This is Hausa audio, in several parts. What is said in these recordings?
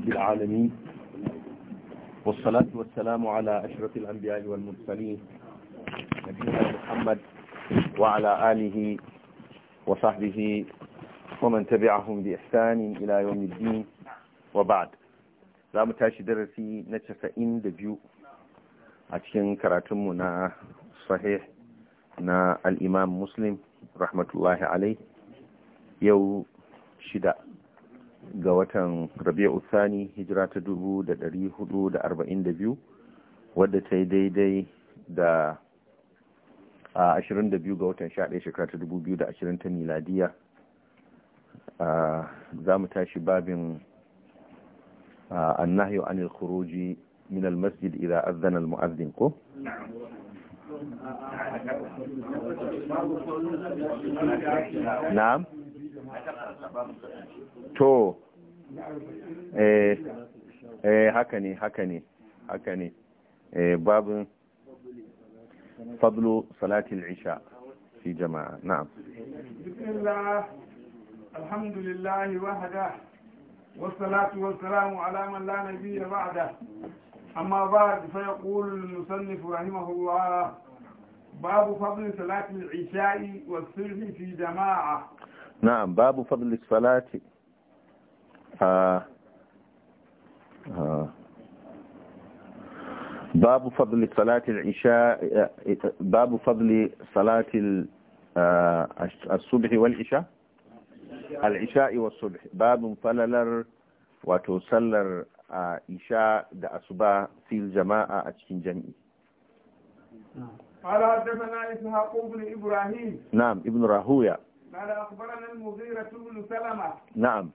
بالعالمين والصلاة والسلام على أشرف الأنبياء والمرسلين نبينا محمد وعلى آله وصحبه ومن تبعهم بإحسان إلى يوم الدين وبعد za mu tashi darasi na casa'in da biyu a cikin karatunmu na sahih na al'imam muslim rahmatullahi alai yau shida ga watan rabi'u sani hijira ta dubu da dari hudu da arba'in da biyu wadda ta yi daidai da ashirin da biyu ga watan sha shekara ta dubu biyu da ashirin ta miladiya za mu tashi babin nahiyo anil khuruji min almasjid idan azan almu'azin ko na'am to eh eh haka ne haka ne haka ne eh babin fadlu salatul isha fi jama'a na'am bismillah alhamdulillah wahda wassalatu wassalamu ala man la nabiyya ba'da amma ba'd fa yaqul musannif rahimahullah باب فضل صلاة العشاء والسر في جماعة نعم باب فضل الصلاة آه آه باب فضل صلاة العشاء آه، باب فضل صلاة آه، الصبح والعشاء العشاء والصبح باب فللر وتسلر آه، عشاء دا أصبع في الجماعة أتشين جميع قال حدثنا إسحاق بن إبراهيم نعم ابن راهوية قال أخبرنا المغيرة بن سلمة نعم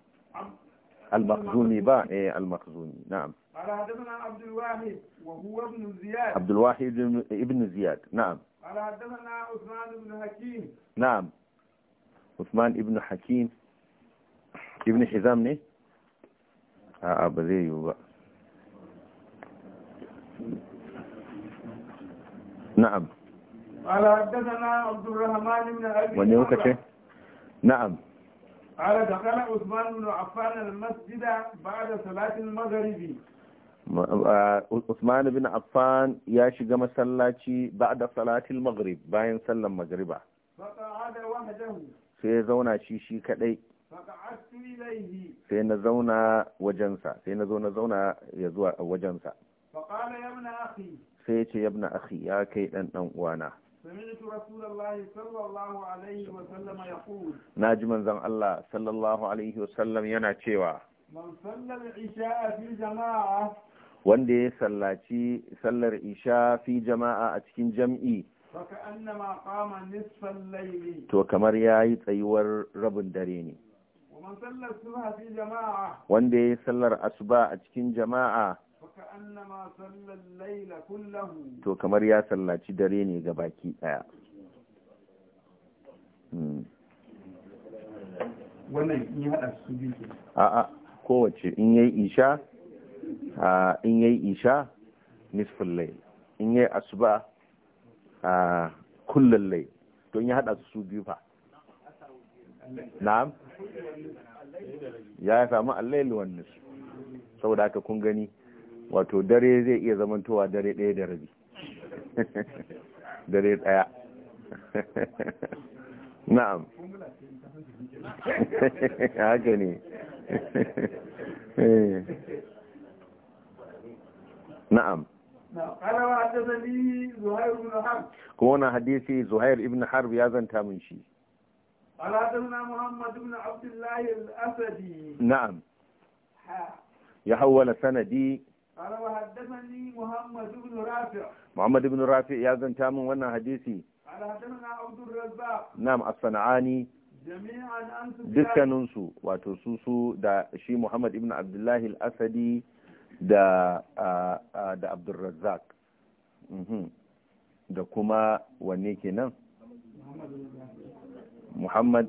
المخزوني با إيه المخزومي نعم قال حدثنا عبد الواحد وهو ابن زياد عبد الواحد ابن زياد نعم قال حدثنا عثمان بن حكيم نعم عثمان ابن حكيم ابن حزام ne a'a ba zai yiwu ba na'am ala haddathana abdurrahman ibn abi wani na'am ala dakala usman ibn affan ya shiga masallaci ba'da salati al-maghrib bayan sallan magriba sai ya zauna shi shi kadai sai na zauna wajensa sai na zo na zauna ya zuwa wajensa sai ya ce yabna akhi ya kai dan dan uwana سمعت رسول الله صلى الله عليه وسلم يقول ناجم زن الله صلى الله عليه وسلم ينا تشيوا من صلى العشاء في جماعة wanda ya sallaci sallar isha fi jama'a a cikin jam'i to kamar ya yi tsayuwar rabin dare ne wanda ya yi sallar asuba a cikin jama'a to kamar ya sallaci dare ne ga baki ɗaya. Hmm. wannan in hada su a'a kowace in yi isha a in yi isha nisfin lai. in yayi asuba a kullal to in yi haɗa su biyu fa na'am ya samu al-layl wan sau saboda haka kun gani wato dare zai iya zamantowa dare ɗaya da rabi dare ɗaya na'am haka ne eh. na'am kuma wani hadisi zuhair ibn harb ya zanta min shi na'am ya hawwala sanadi قال وحدثني محمد ya رافع محمد wannan hadisi nam حدثنا عبد الرزاق نعم wato su su da shi Muhammad ibn Abdullah al-Asadi da da Abdul da kuma wanne kenan Muhammad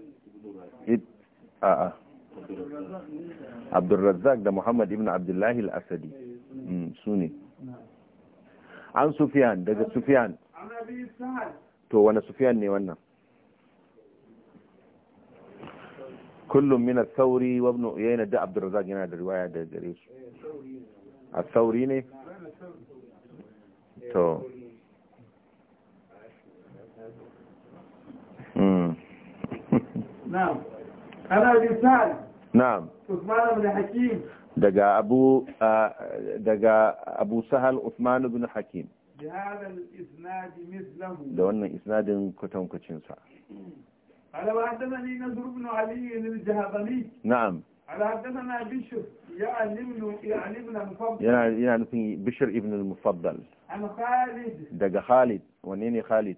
a'a Abdul Razzaq da Muhammad ibn Abdullah al-Asadi Mm, su ne an sufiyan daga sufiyan to wani sufiyan ne wannan kullum mina sauri thawri wa ibn uyayna da yana da riwaya da gare su eh, a sauri ne eh, to mm. na'am ana bi sa'ad. na'am usman ibn hakim daga abu daga abu sahal Uthman ibn Hakim da wannan isnadin kwatankwacin sa ala wa haddathani Nasr ibn Ali al-Jahdami na'am ala haddathana Bishr ya'ni ibn ya'ni ibn Mufaddal yana yana nufin Bishr ibn al-Mufaddal an Khalid daga Khalid wanne ne Khalid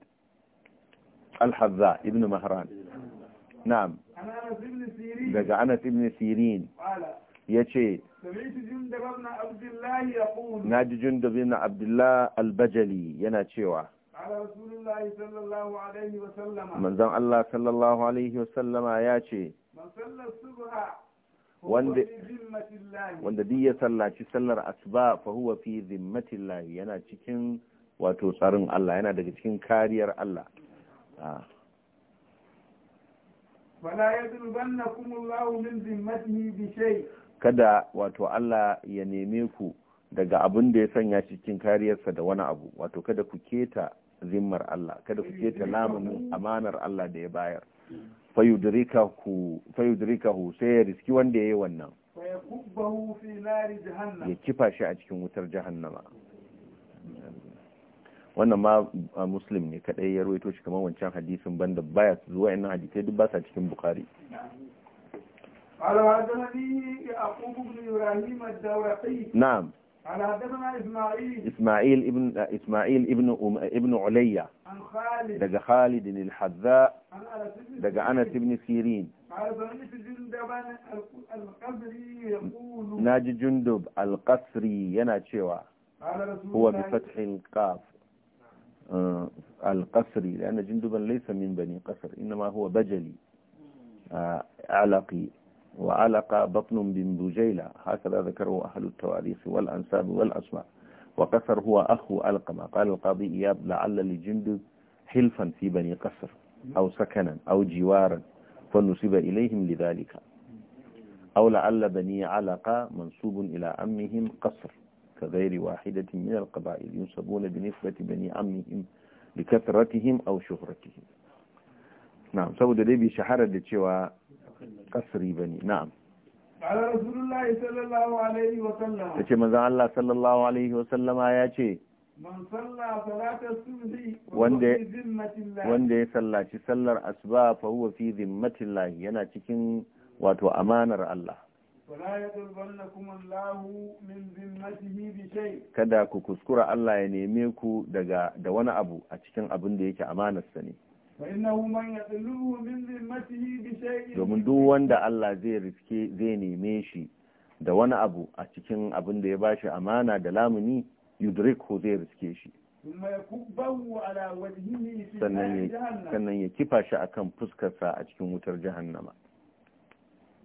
al-Hadza ibn Mahran na'am daga Anas ibn Sirin ya ce na ji jundub ibn abdullah albajali yana cewa manzan Allah sallallahu alaihi wasallama ya ce wanda duk ya sallaci sallar asuba fa huwa fi zimmatillah yana cikin wato tsarin Allah yana daga cikin kariyar Allah ah. fala yadrubannakum min zimmatihi bi shay kada wato Allah ya neme ku daga abin da ya sanya cikin kariyarsa da wani abu wato kada ku keta zimmar Allah kada ku keta lamunin amanar Allah da ya bayar fayudrikahu sai ya riski wanda ya yi wannan ya kifa shi a cikin wutar jahannama wannan ma muslim ne kadai ya rawaito shi kamar wancan hadisin banda baya zuwa ina hadisai duk ba sa cikin bukari قال وحدثني يعقوب بن ابراهيم الدورقي نعم على حدثنا اسماعيل اسماعيل ابن اسماعيل ابن ابن عليا عن خالد دجا خالد الحذاء دجا انس بن سيرين قال القصري يقول ناجي جندب القصري ينا تشوا هو بفتح القاف آه القصري لأن جندبا ليس من بني قصر إنما هو بجلي آه وعلق بطن بن دجيلة هكذا ذكره أهل التواريخ والأنساب والأسماء وقصر هو أخو ألقمة قال القاضي إياب لعل لجند حلفا في بني قصر أو سكنا أو جوارا فنسب إليهم لذلك أو لعل بني علقة منسوب إلى عمهم قصر كغير واحدة من القبائل ينسبون بنسبة بني عمهم لكثرتهم أو شهرتهم نعم سوى دي بشحرة دي kasri ne na'am ala rasulullahi sallallahu alaihi wa sallama yace manzo Allah sallallahu alaihi wa sallama yace wanda ya sallaci sallar asuba fa huwa fi zimmatillahi yana cikin wato amanar Allah kada ku kuskura Allah ya neme ku daga da wani abu a cikin abin da yake amanar ne domin duk wanda Allah zai riske zai neme shi da wani abu a cikin abin da ya shi amana da lamuni yudriku zai riske shi sannan ya kifa shi a kan fuskarsa a cikin wutar jahannama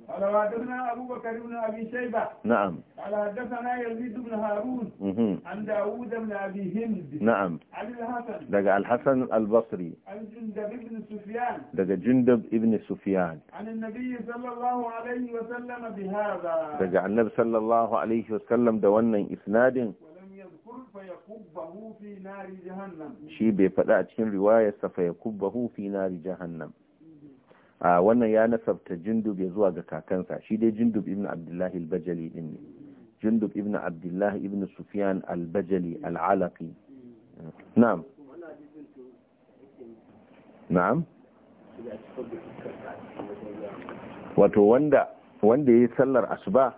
قال حدثنا أبو بكر بن أبي شيبة نعم قال حدثنا يزيد بن هارون عن داوود بن أبي هند نعم عن الحسن دقى الحسن البصري عن جندب بن سفيان دقى جندب بن سفيان عن النبي صلى الله عليه وسلم بهذا دقى النبي صلى الله عليه وسلم دوانا إسناد shi bai faɗa a cikin riwayarsa fa ya kubbahu fi nari jahannam wannan ya nasabta jindub ya zuwa ga kakansa shi dai jindub ibn abdullahi al-bajali din ne jindub ibn abdullahi ibn sufyan al-bajali al-alaqi na'am na'am wato wanda wanda yayi sallar asuba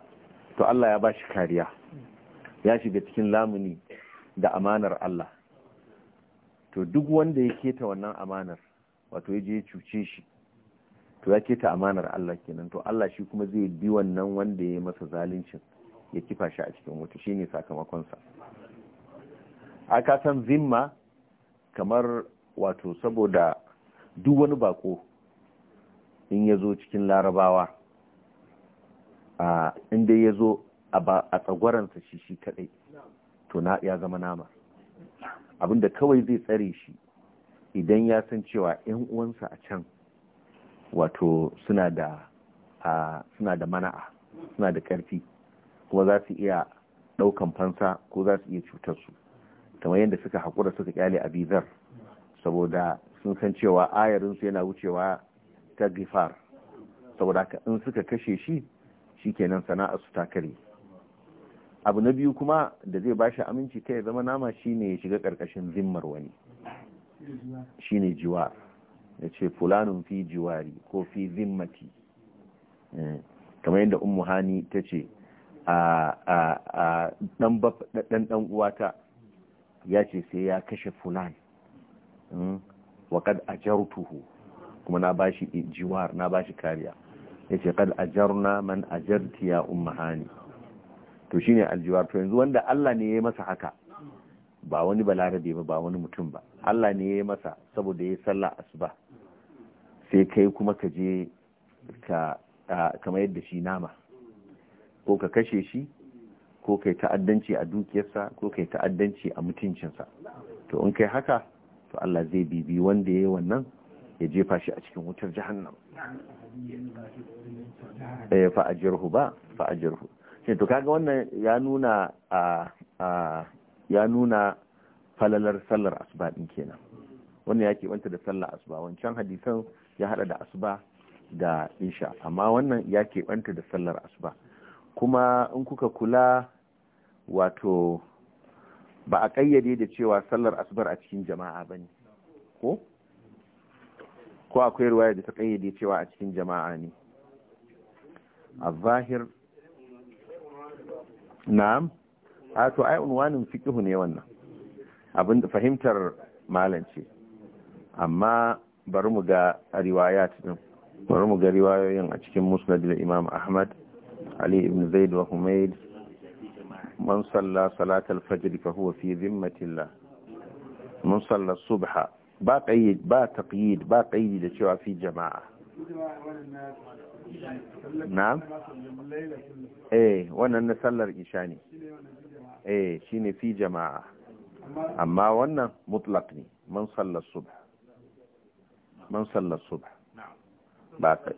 to Allah ya bashi kariya ya shiga cikin lamuni da amanar Allah to duk wanda ya keta wannan amanar wato ya je ya cuce shi to ya ta amanar Allah kenan to Allah shi kuma zai bi wannan wanda ya masa zaluncin ya kifa shi a cikin wuta shine sakamakonsa a kasan zimma kamar wato saboda duk wani bako in ya zo cikin larabawa inda ya zo a tsagwaransa shi shi kadai to na ya zama nama abinda kawai zai tsare shi idan ya san cewa 'yan uwansa a can wato suna da suna da mana'a suna da ƙarfi kuma za su iya ɗaukan fansa ko za su iya cutar su kamar yadda suka hakura suka kyale a bizar saboda sun san cewa su yana wucewa ta gifar saboda ka in suka kashe shi shi shikenan sana'a su ta kare abu na biyu kuma da zai bashi aminci kai zama nama shine ya shiga ƙarƙashin zimmar wani shine jiwa ya ce fulanun fi jiwari ko fi zimmati eh, kamar yadda umu hani ta ce a ɗan ɗan uwata ya ce sai ya kashe fulan hmm, waƙad a jartuhu kuma na ba shi jiwar na ba shi kariya ya ce kad a jarna man a jartiya umu hani to shine aljiwar to yanzu wanda Allah ne ya yi masa haka ba wani balarabe ba ba wani mutum ba Allah ne ya yi masa saboda ya yi sallah asuba sai kai kuma ka je ka kamar yadda shi nama ko ka kashe shi ko kai ta'addanci a dukiyarsa ko kai ta'addanci a mutuncinsa to in kai haka to Allah zai bibi wanda ya yi wannan ya jefa shi a cikin wutar jahannam eh fa ajirhu ba fa ajirhu shi to kaga wannan ya nuna a ya nuna falalar sallar asuba din kenan wannan ya keɓanta da sallar asuba wancan hadisan ya hada da asuba da isha amma wannan ya keɓanta da sallar asuba kuma in kuka kula wato ba a ƙayyade da cewa sallar asubar a cikin jama'a ba ne ko? ko akwai ruwaya da ta ƙayyade cewa a cikin jama'a ne a zahir na'am a to ai unwanin fiƙihu ne wannan abin da fahimtar malance amma bari mu ga riwaya din bari mu ga riwayoyin a cikin musnad da imam ahmad ali ibn zaid wa humayd man salla salat al-fajr fa huwa fi zimmatillah man salla subha ba qayyid ba taqyid ba qayyid da cewa fi jama'a na'am eh wannan na sallar isha ne eh shine fi jama'a amma wannan mutlaq ne man salla subha man sallar su ba kai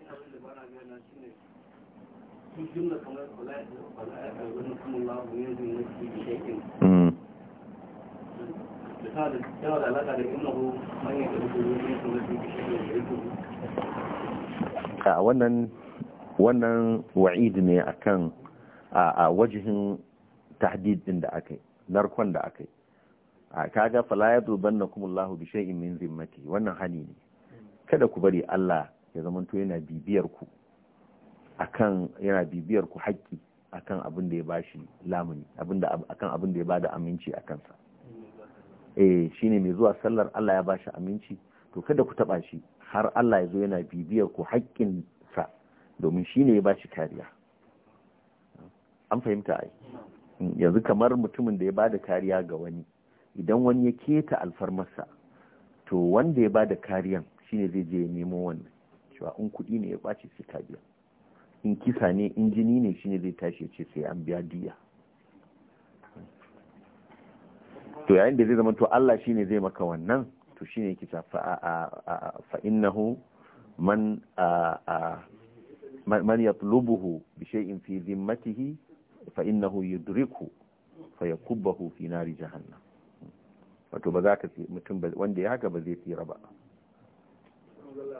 a wannan wannan wa'id ne akan a wajihin tahdid din da aka yi narkon da aka yi a kaga fala yadrubannakumullahu bi shay'in min zimmati wannan hani ne kada ku bari Allah ya zamanto yana bibiyar ku akan yana bibiyar ku haƙƙi akan abin da ya bashi lamuni da akan abin da ya bada aminci a kansa eh shine mai zuwa sallar Allah ya bashi aminci to kada ku taba shi har Allah ya zo yana bibiyar ku haƙƙin sa domin shine ya bashi kariya an fahimta ai yanzu kamar mutumin da ya bada kariya ga wani idan wani ya keta alfarmarsa to wanda ya bada kariyan shine zai je nemo wannan cewa in kuɗi ne ya ɓaci sai ka biya in kisa ne in jini ne shine zai tashi ce sai an biya diya to yayin da zai zama to Allah shine zai maka wannan to shine kisa fa innahu man man yatlubuhu bi shay'in fi zimmatihi fa innahu yudriku fa yakubbahu fi nari jahannam wato ba za ka mutum wanda ya haka ba zai tsira ba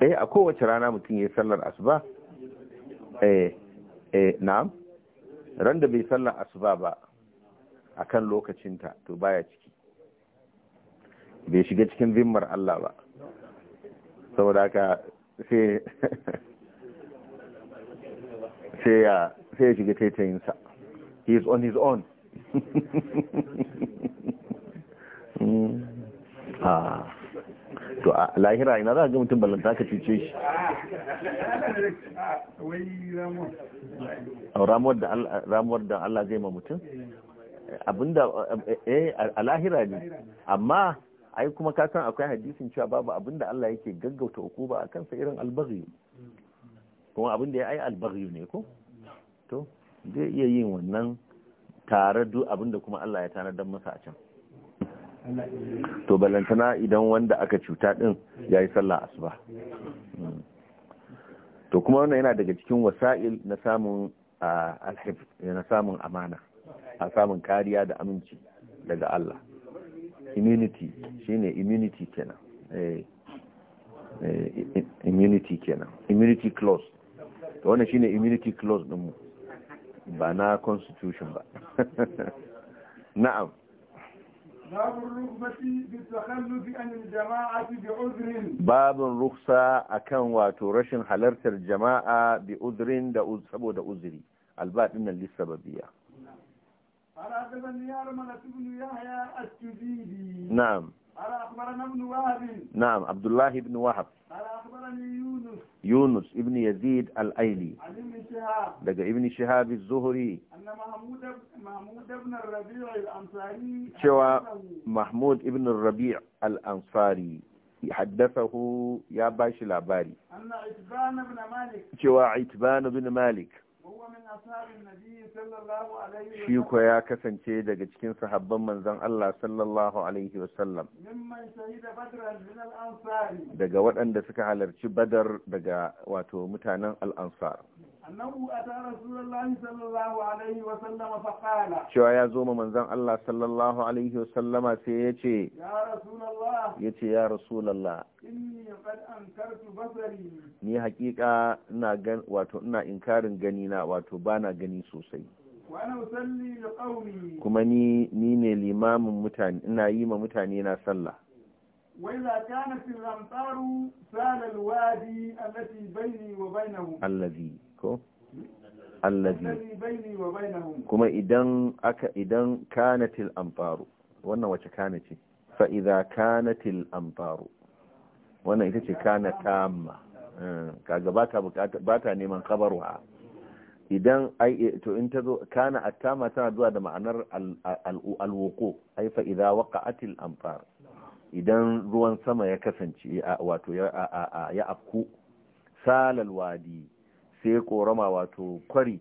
eh a kowace rana mutum ya yi sallar asuba eh eh na'am ran da bai sallar asuba ba a kan lokacinta to baya ciki bai shiga cikin zimmar Allah ba saboda haka sai ya shiga taitayinsa he is on his own to a lahira ina za a ga mutum ballanta ka cuce shi ramuwar da Allah zai ma mutum abinda eh a lahira ne amma ai kuma ka san akwai hadisin cewa babu abinda Allah yake gaggauta uku ba a kansa irin albaghi kuma abinda ya ai albaghi ne ko to zai iya yin wannan tare duk abinda kuma Allah ya don masa a can to balantana idan wanda aka cuta din ya yi sallah asuba to kuma wannan yana daga cikin wasa'il na samun alhif na samun amana a samun kariya da aminci daga Allah immunity shine immunity kenan eh, eh immunity kenan immunity clause to wannan shine immunity clause din mu ba na constitution ba na'am باب الرغبة بالتخلف عن الجماعة بعذر باب الرخصة أكن واتو رشن حلرت الجماعة بعذر دا سبو دا أذري الباب إن للسببية قال حدثني أرملة بن يحيى السديدي نعم قال أخبرنا ابن وهب نعم عبد الله بن وهب قال أخبرني يونس ابن يزيد الأيلي دقى ابن شهاب الزهري أن محمود محمود ابن الربيع الأنصاري شوى محمود ابن الربيع الأنصاري حدثه يا باشي العباري أن عتبان بن مالك شوى عتبان بن مالك shi ko ya kasance daga cikin sahabban manzon Allah sallallahu alaihi wasallam daga waɗanda suka halarci badar daga wato mutanen al-ansar annahu ata rasulullahi sallallahu alaihi wa sallama fa qala cewa ya zo ma manzon Allah sallallahu alaihi wa sallama sai ya ce ya rasulullah yace ya rasulullah inni qad ankartu basari ni hakika ina gan wato ina inkarin gani na wato bana gani sosai kuma ni ni ne limamin mutane ina yi ma mutane na sallah وإذا كانت الأمطار سال الوادي التي بيني وبينه الذي ko allazi kuma idan aka idan kanatil amfaru wannan wace kana ce fa idza kanatil amfaru wannan ita ce kana tamma eh, kaga baka baka neman kabarwa. idan ai eh, to in tazo kana attama tana zuwa da ma'anar alwuqu ai fa idza waqa'atil amfar idan ruwan sama ya kasance wato ya afku salal wadi sai korama wato kwari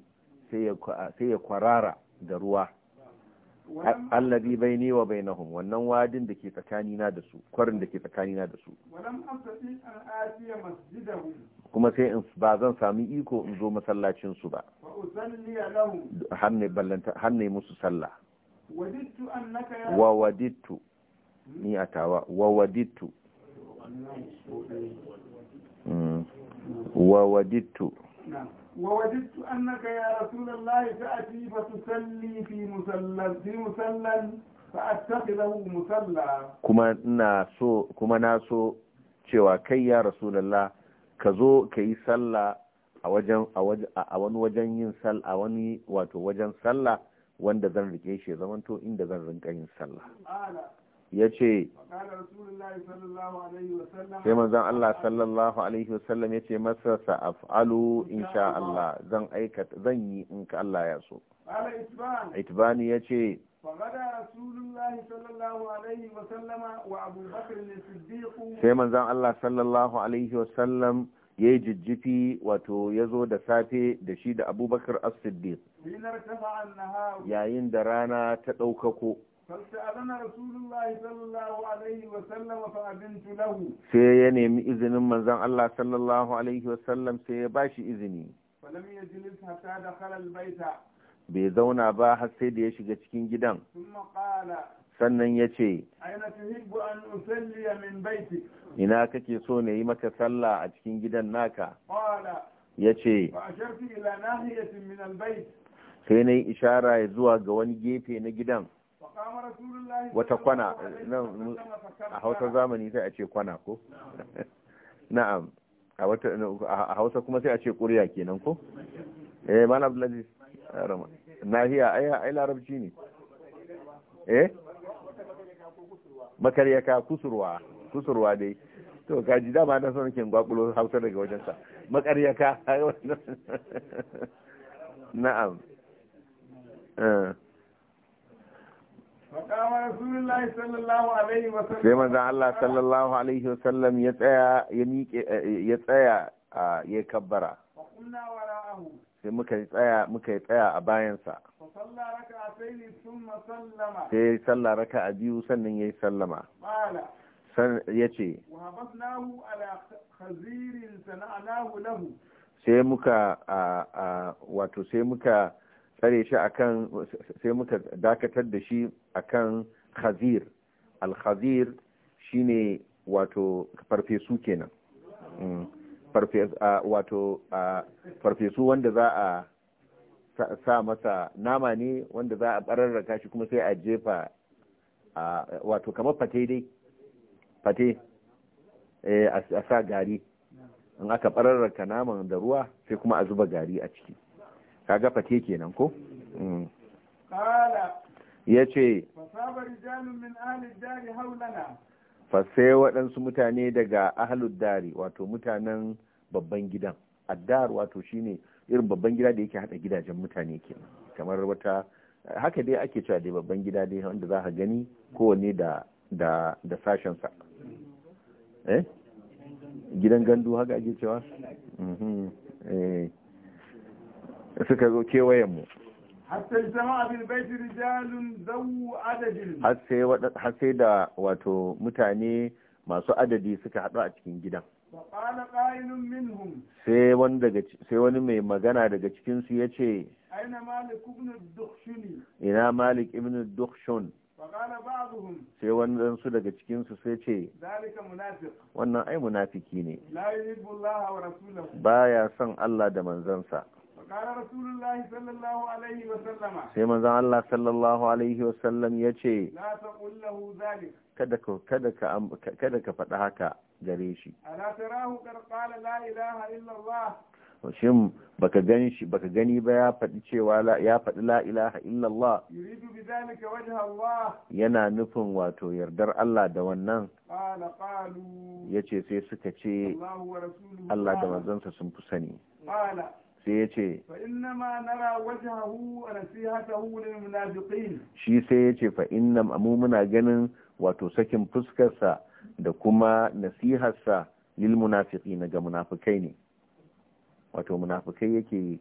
sai ya kwarara da ruwa allabi bai ne wa bai nahun wannan wadin da ke tsakanina da su kwarin da ke tsakanina da su kuma sai in ba zan sami iko in zo masallacinsu ba hannu musu sallah wa wadittu ni a tawa wa wadittu mm. wa wadittu ووجدت أنك يا رسول الله تأتي فتصلي في مسلى في مسلى فأتخذه مسلى كما ناسو كما ناسو cewa kai ya rasulallah ka zo ka yi sallah a wajen a wani wajen yin sallah a wani wato wajen sallah wanda zan rike shi zamanto inda zan rinka yin sallah ya ce sai manzan Allah sallallahu alaihi wasallam ya ce masa sa'af'alu insha Allah zan aikata zan yi in ka Allah ya so itbani ya ce sai manzan Allah sallallahu alaihi wasallam ya yi jijjifi wato ya zo da safe da shi da abubakar as-siddiq yayin da rana ta ɗaukako فاستأذن رسول الله صلى الله عليه وسلم فأذنت له سي ينمي إذن من زن الله صلى الله عليه وسلم سيباشي إذني فلم يجلس حتى دخل البيت bai zauna ba har sai da ya shiga cikin gidan sannan ya ce ina kake so ne yi maka sallah a cikin gidan naka ya ce sai na yi ishara ya zuwa ga wani gefe na gidan wata kwana a hausa zamani sai a ce kwana ko na'am a wata a hausa kuma sai a ce ƙuriya kenan ko eh mana abdullahi nahiya ai ai larabci ne eh makaryaka kusurwa kusurwa dai to kaji dama na son kin gwakulo hausa daga wajen sa makaryaka na'am eh sai manzan Allah sallallahu alaihi wasallam ya tsaya ya miƙe eh, eh, ya tsaya ya kabbara sai muka tsaya muka tsaya a bayansa sai ya salla raka a biyu sannan ya yi sallama ya ce sai muka wato sai muka tsare shi akan sai muka dakatar da shi akan khazir al-khazir shine wato farfesu kenan mm. wato farfesu wanda za a sa masa nama ne wanda za a bararraka shi kuma sai a jefa wato kamar fate dai fate eh, a sa gari in aka bararraka naman da ruwa sai kuma a zuba gari a ciki kaga fate kenan ko ya ce fasai waɗansu mutane daga ahalud dari wato mutanen babban gidan addar wato shine irin babban gida da yake hada gidajen mutane kenan kamar wata haka dai ake cewa dai babban gida dai wanda za ka gani kowanne da da da sashensa eh gidan gandu haka ake cewa mhm. eh suka zo kewayen mu. Hatta jama da wato mutane masu adadi suka hadu a cikin gidan. Faƙala ƙa'inun minhum. Sai wani sai wani mai magana daga cikin su yace. Aina Malik ibn Dukhshuni. Ina Malik ibn Dukhshun. Faƙala ba'duhum. Sai wani dan su daga cikin su sai ce. Zalika munafiq. Wannan ai munafiki ne. La yuhibbu Allah wa rasulahu. Baya son Allah da manzansa. sai mazan Allah sallallahu alaihi ya ce kada ka faɗi haka gare shi shin baka gani shi baka gani ba ya faɗi cewa ya faɗi la ilaha illallah yana nufin wato yardar Allah da wannan yace sai suka ce Allah da manzansa sun fi sani sai ya ce shi sai ya ce fa'inna mu muna ganin wato sakin fuskarsa da kuma nasiharsa lil munafiki na ga munafikai ne wato munafikai yake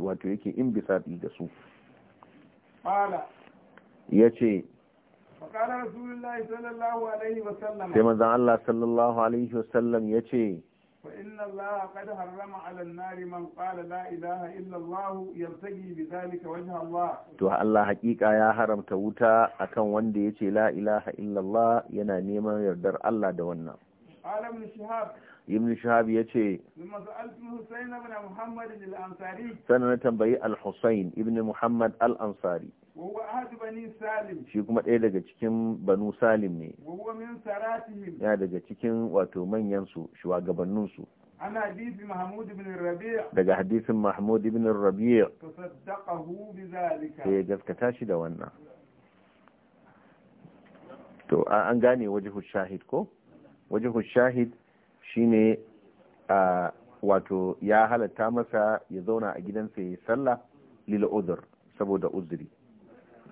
wato yake in bisa da su ya ce sai manzan Allah sallallahu alaihi wasallam ya ce فإن الله قد حرم على النار من قال لا إله إلا الله يرتقي بذلك وجه الله تو الله حقيقة يا حرم توتا أكن وندي لا إله إلا الله ينا نيما يردر الله دونا قال ابن شهاب ibn shahab ya ce sannan na tambayi al-husayn ibn muhammad al-ansari shi kuma ɗaya daga cikin banu salim ne ya daga cikin wato manyansu shugabanninsu عن حديث محمود بن الربيع دقى حديث محمود بن الربيع تصدقه بذلك wannan to an gane wajen shahid ko wajen shahid shine a wato ya halatta masa ya zauna a gidansa ya yi sallah lil uzur saboda uzuri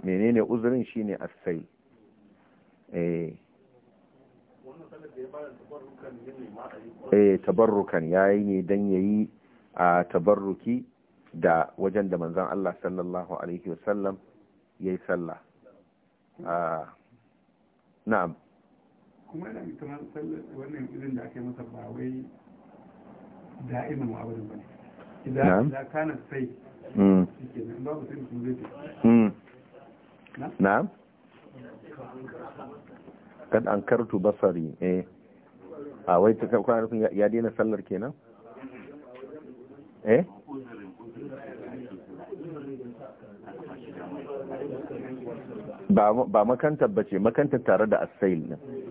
menene uzurin shine as-sai eh eh tabarrukan yayi ne dan yayi a tabarruki da wajen da manzon Allah sallallahu alaihi wasallam yayi sallah ah. na'am kuma yana sallar wannan irin da aka yi masa ba wai da'iman wa abin ba ne idan za kana sai hmm. babu sai mutum zai hmm. na'am kan an kartu basari eh a wai ta rufin ya daina sallar kenan eh ba makanta bace makanta tare da asail ne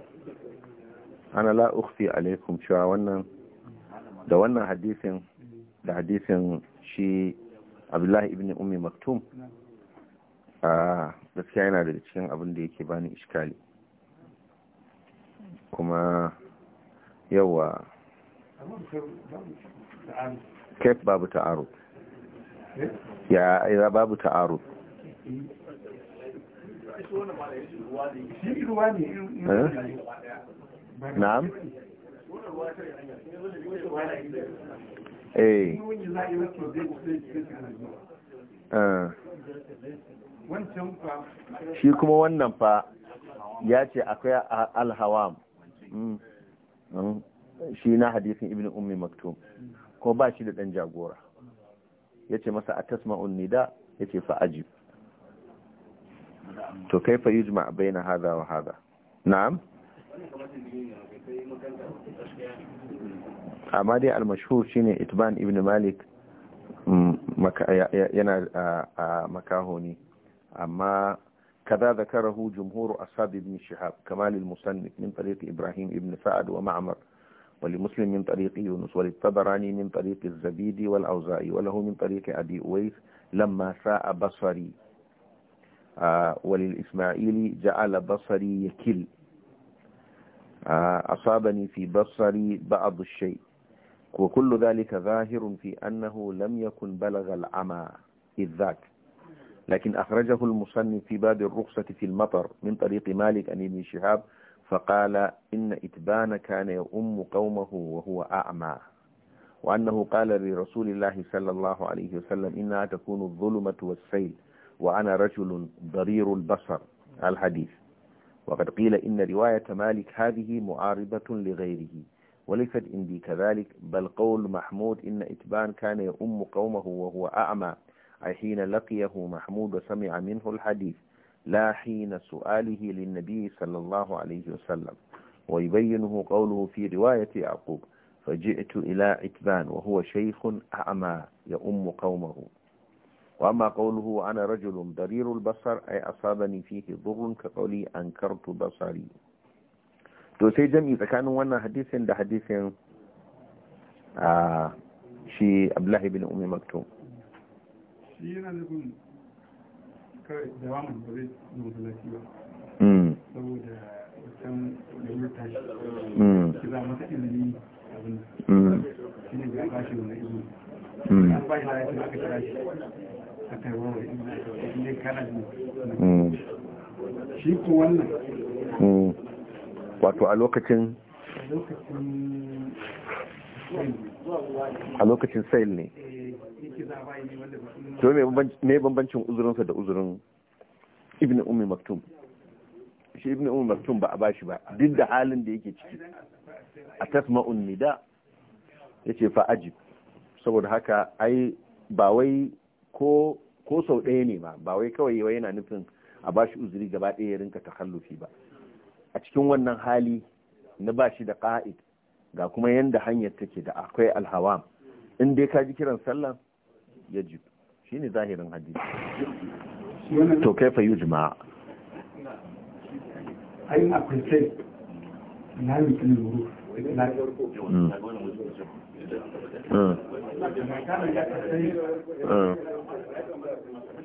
ana la ukhfi alaikum cewa wannan da wannan hadisin da hadisin shi abdullahi ibn ummi maktum a gaskiya yana daga cikin abin da yake bani iskali kuma yawa kef babu ta'aru? ya babu ta'arud eh? na'am eh ah. shi kuma wannan fa ya ce akwai alhawam hmm. Hmm. shi na hadisin ibn ummi maktum ko ba shi da dan jagora ya ce masa a tasma'un nida ya ce fa'ajib to kai kaifa yujma baina haza wa haza. na'am amma المشهور almashhur shine ابن مالك malik mm, yana a makaho كذا ذكره جمهور أصحاب ابن شهاب كمال المصنف من طريق إبراهيم ابن سعد ومعمر ولمسلم من طريق يونس وللطبراني من طريق الزبيدي والأوزائي وله من طريق أبي أويس لما ساء بصري وللإسماعيلي جعل بصري يكل آه، أصابني في بصري بعض الشيء وكل ذلك ظاهر في أنه لم يكن بلغ العمى إذ ذاك لكن أخرجه المصنف في باب الرخصة في المطر من طريق مالك أن ابن شهاب فقال إن إتبان كان يؤم قومه وهو أعمى وأنه قال لرسول الله صلى الله عليه وسلم إنها تكون الظلمة والسيل وأنا رجل ضرير البصر الحديث وقد قيل إن رواية مالك هذه معارضة لغيره وليست عندي كذلك بل قول محمود إن إتبان كان يؤم قومه وهو أعمى أي حين لقيه محمود وسمع منه الحديث لا حين سؤاله للنبي صلى الله عليه وسلم ويبينه قوله في رواية يعقوب فجئت إلى عتبان وهو شيخ أعمى يؤم قومه وأما قوله أنا رجل ضرير البصر أي أصابني فيه ضر كقولي أنكرت بصري to sai jami tsakanin wannan hadisin da hadisin a shi abdullahi bin umi maktum shi yana nufin kawai dawaman ba zai masallaci ba saboda wajen da yi tashi shi za masa izini abin shi ne wani an da aka kira shi Mm. wato a lokacin a lokacin sail ne to me bambancin uzurinsa da uzurin ibn ummi maktum shi ibn ummi maktum ba a bashi ba duk da halin da yake ciki a tasma'un nida yace fa ajib saboda haka ai ba wai ko ko sau ɗaya ne ba, ba wai kawai wai yana nufin a ba shi uzuri gaba ɗaya ya rinka takallufi ba a cikin wannan hali na ba shi da ƙa'id ga kuma yadda hanyar take da akwai alhawa, in dai ka ji kiran sallah ya ji shi ne zahirin hadisi to kai fa yi jima'a ayin akwai sai na yi mutum na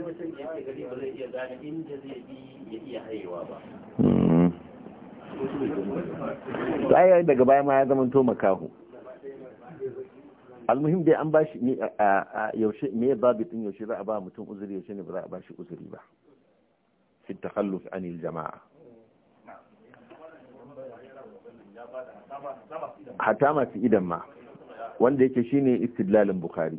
akwai mutum gari ba zai iya gane inda zai bi ya iya haihuwa ba hmm. tsaya daga baya ma ya zama to makahu almuhim dai an ba shi ne a yaushe me ya babu tun yaushe za a ba mutum uzuri yaushe ne ba za a ba shi uzuri ba fi takhalluf anil jama'a hata masu idan ma wanda yake shine istidlalin bukhari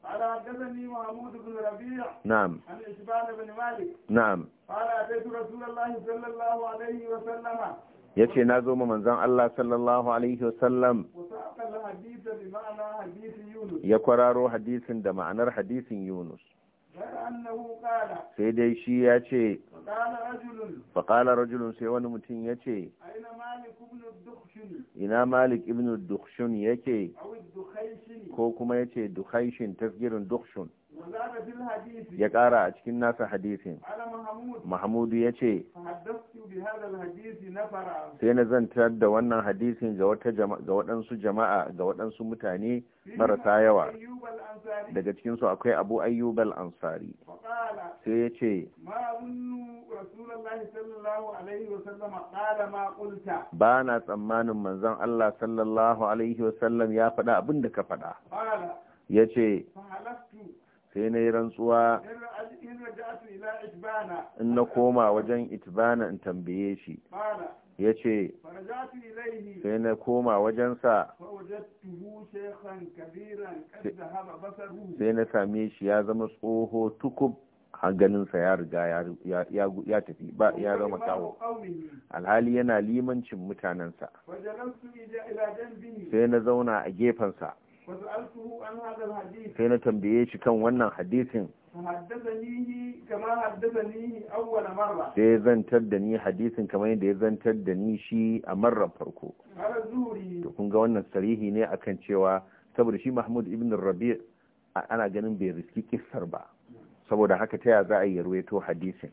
حدثني محمود بن ربيع نعم عن إشبان بن مالك نعم قال رسول الله صلى الله عليه وسلم ya ce na zo ma manzan Allah sallallahu Alaihi wasallam ya kwararo hadisin da ma'anar hadisin Yunus. sai dai shi ya ce faƙala rajulun sai wani mutum ya ce ina malik ibn dukshun yake ko kuma ya ce dukhaishin tasgirin dukshun ya ƙara a cikin nasa hadisin mahmudu ya ce sai na zantar da wannan hadisin ga waɗansu jama'a ga waɗansu mutane marasa yawa daga cikinsu akwai abu ayyubal ansari sai ya ce ba na tsammanin manzon Allah sallallahu alaihi wasallam ya faɗa abin da ka faɗa ya ce sai na yi rantsuwa in na koma wajen itibana in tambaye shi ya ce sai na koma wajensa sai na same shi ya zama tsoho tukub ganinsa ya riga ya tafi ba ya zama kawo alhali yana limancin mutanensa sai na zauna a gefensa sai na tambaye shi kan wannan hadisin sai ya zantar da ni hadisin kamar yadda ya zantar da ni shi a marar farko da kun wannan sarihi ne akan cewa saboda shi mahmud ibn rabi ana ganin bai riski kissar ba saboda haka ta za a yi ruwaito hadisin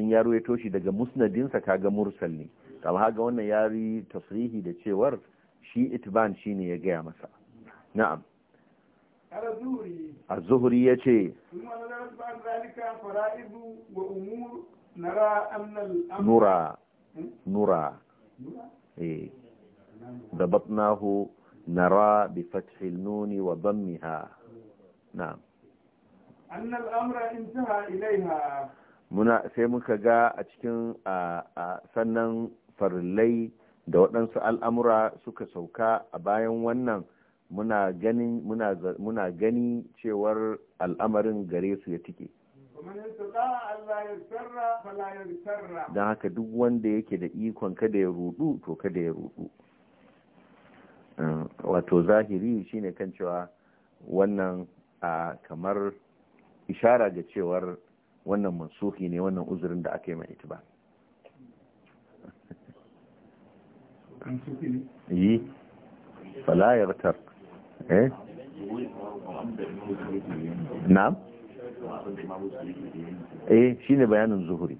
in ya ruwaito shi daga musnadinsa kaga mursal ne amma ga wannan yari tasrihi da cewar shi itban shi ne ya gaya masa na'am a zuhuri ya ce hmm? nura nura eh. da batnahu nara bi fathil nuni wa dammiha na'am annal amra intaha ilaiha muna sai muka ga a cikin sannan farillai da waɗansu al'amura suka sauka a bayan wannan muna gani cewar al'amarin gare su ya tike don haka duk wanda yake da ikon kada ya rudu to kada ya rudu eh, wato zahiri shine kan cewa wannan a kamar ishara ga cewar wannan mansuhi ne wannan uzurin da aka yi mai ita yi falayar tar eh na'am eh shine bayanin zuhuri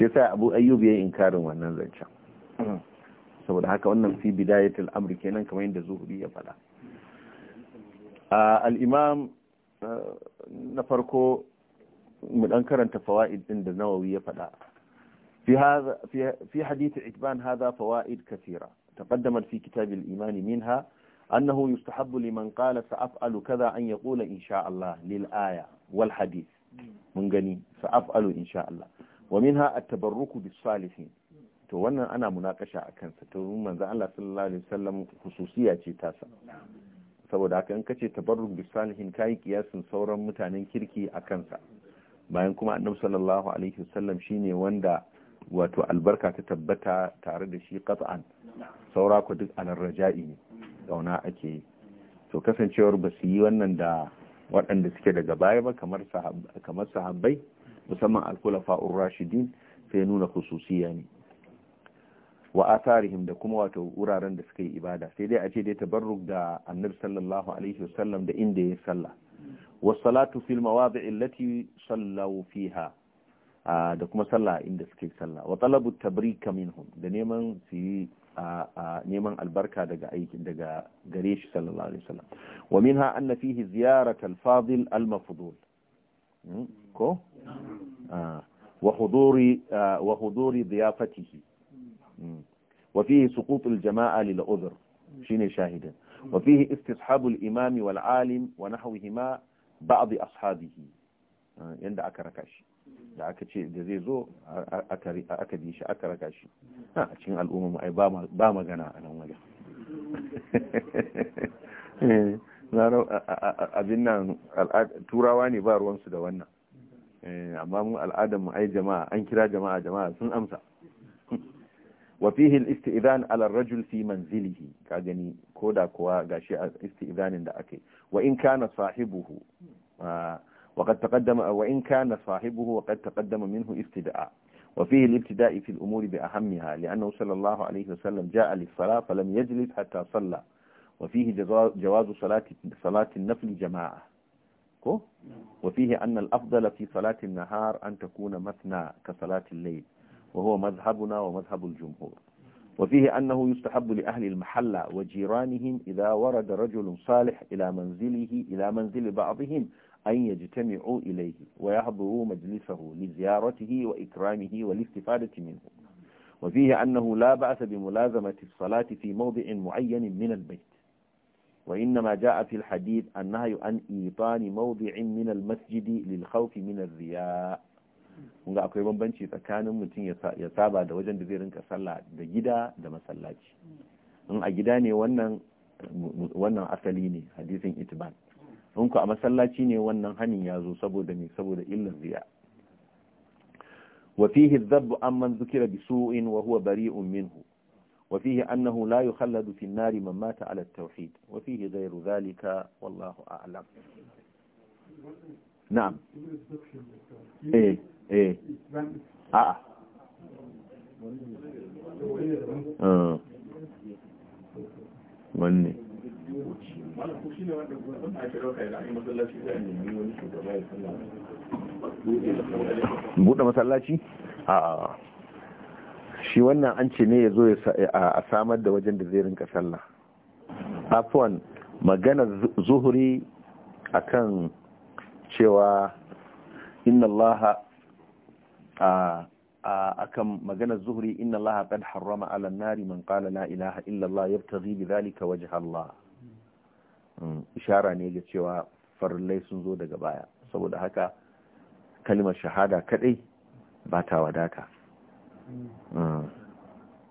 shi sa abu ayyub ya yi inkarin wannan zancen saboda haka wannan fi bidayatul amri kenan kamar yadda zuhuri ya faɗa al-imam eh, na farko mu dan karanta fawaid din da nawawi ya faɗa في هذا في في حديث عتبان هذا فوائد كثيرة تقدمت في كتاب الإيمان منها أنه يستحب لمن قال سأفعل كذا أن يقول إن شاء الله للآية والحديث من غني سأفعل إن شاء الله ومنها التبرك بالصالحين تونا أنا مناقشة أكنسة تونا من ذا الله صلى الله عليه وسلم خصوصية تاسا saboda haka in kace tabarruk bi salihin kai kiyasin sauran mutanen kirki akan sa bayan kuma annabi sallallahu alaihi wasallam shine wanda wato albarka ta tabbata tare da shi qat'an saura ku duk alar raja'i ne ake yi to kasancewar ba su yi wannan da waɗanda suke daga baya ba kamar sahabbai musamman alkulafa rashidin sai nuna khususiya ne wa atharihim da kuma wato wuraren da suka yi ibada sai dai a ce dai tabarruk da annabi sallallahu alaihi wasallam da inda ya sallah Wasu salatu fil mawadi'i allati sallaw fiha da kuma sallah inda suke sallah wa talabu tabrika minhum da neman su yi neman albarka daga aikin daga gare shi sallallahu alaihi wasallam wa minha anna fihi ziyarat al-fadil al-mafdul hmm? ko wa huduri wa huduri diyafatihi hmm. wa fihi suqut al-jama'a lil udhr shine shahidin wa fihi istishab al-imam wal alim wa nahwihima ba'd ashabihi hmm, yanda aka raka shi da aka ce da zai zo aka bi shi aka raka shi a cikin al'umma ai ba magana a nan wajen eh, abin nan turawa ne ba ruwansu da wannan eh, amma mu al'adar mu ai jama'a an kira jama'a jama'a sun amsa wa fihi al-istidhan ala ar-rajul fi manzilihi ka gani koda kuwa gashi istidhanin da akai wa in kana sahibuhu ah, وقد تقدم وإن كان صاحبه وقد تقدم منه ابتداء وفيه الابتداء في الأمور بأهمها لأنه صلى الله عليه وسلم جاء للصلاة فلم يجلس حتى صلى وفيه جواز صلاة, صلاة النفل جماعة وفيه أن الأفضل في صلاة النهار أن تكون مثنى كصلاة الليل وهو مذهبنا ومذهب الجمهور وفيه أنه يستحب لأهل المحلة وجيرانهم إذا ورد رجل صالح إلى منزله إلى منزل بعضهم an yajtami'u ilaihi wa yahduru majlisahu li ziyaratihi wa ikramihi wa listifadati minhu wa fihi annahu la ba'sa bi mulazamati salati fi mawdi'in mu'ayyanin min al-bayt wa inma ja'a fi hadith annahyu an itani mawdi'in min al-masjid lil khawf min ar-riya' akwai bambanci tsakanin mutum ya saba da wajen da zai rinka sallah da gida da masallaci in a gida ne wannan asali ne hadisin itban in ku a masallaci ne wannan hanin ya zo saboda ne saboda illar riya وفيه الذب عمن ذكر بسوء وهو بريء منه وفيه أنه لا يخلد في النار من مات على التوحيد وفيه غير ذلك والله أعلم نعم ايه ايه اه اه وني malam wanda masallaci da wani shugaba ya sallah buɗe masallaci a shi wannan an ce ne ya zo a samar da wajen da zai rinka sallah afwan magana zuhuri akan cewa inna allaha a akan magana zuhuri inna allaha qad harrama ala nari man qala la ilaha illallah allah yabtaghi zalika wajha allah ishara ne ga cewa farillai sun zo daga baya saboda haka kalimar shahada kadai ba ta wadata mm.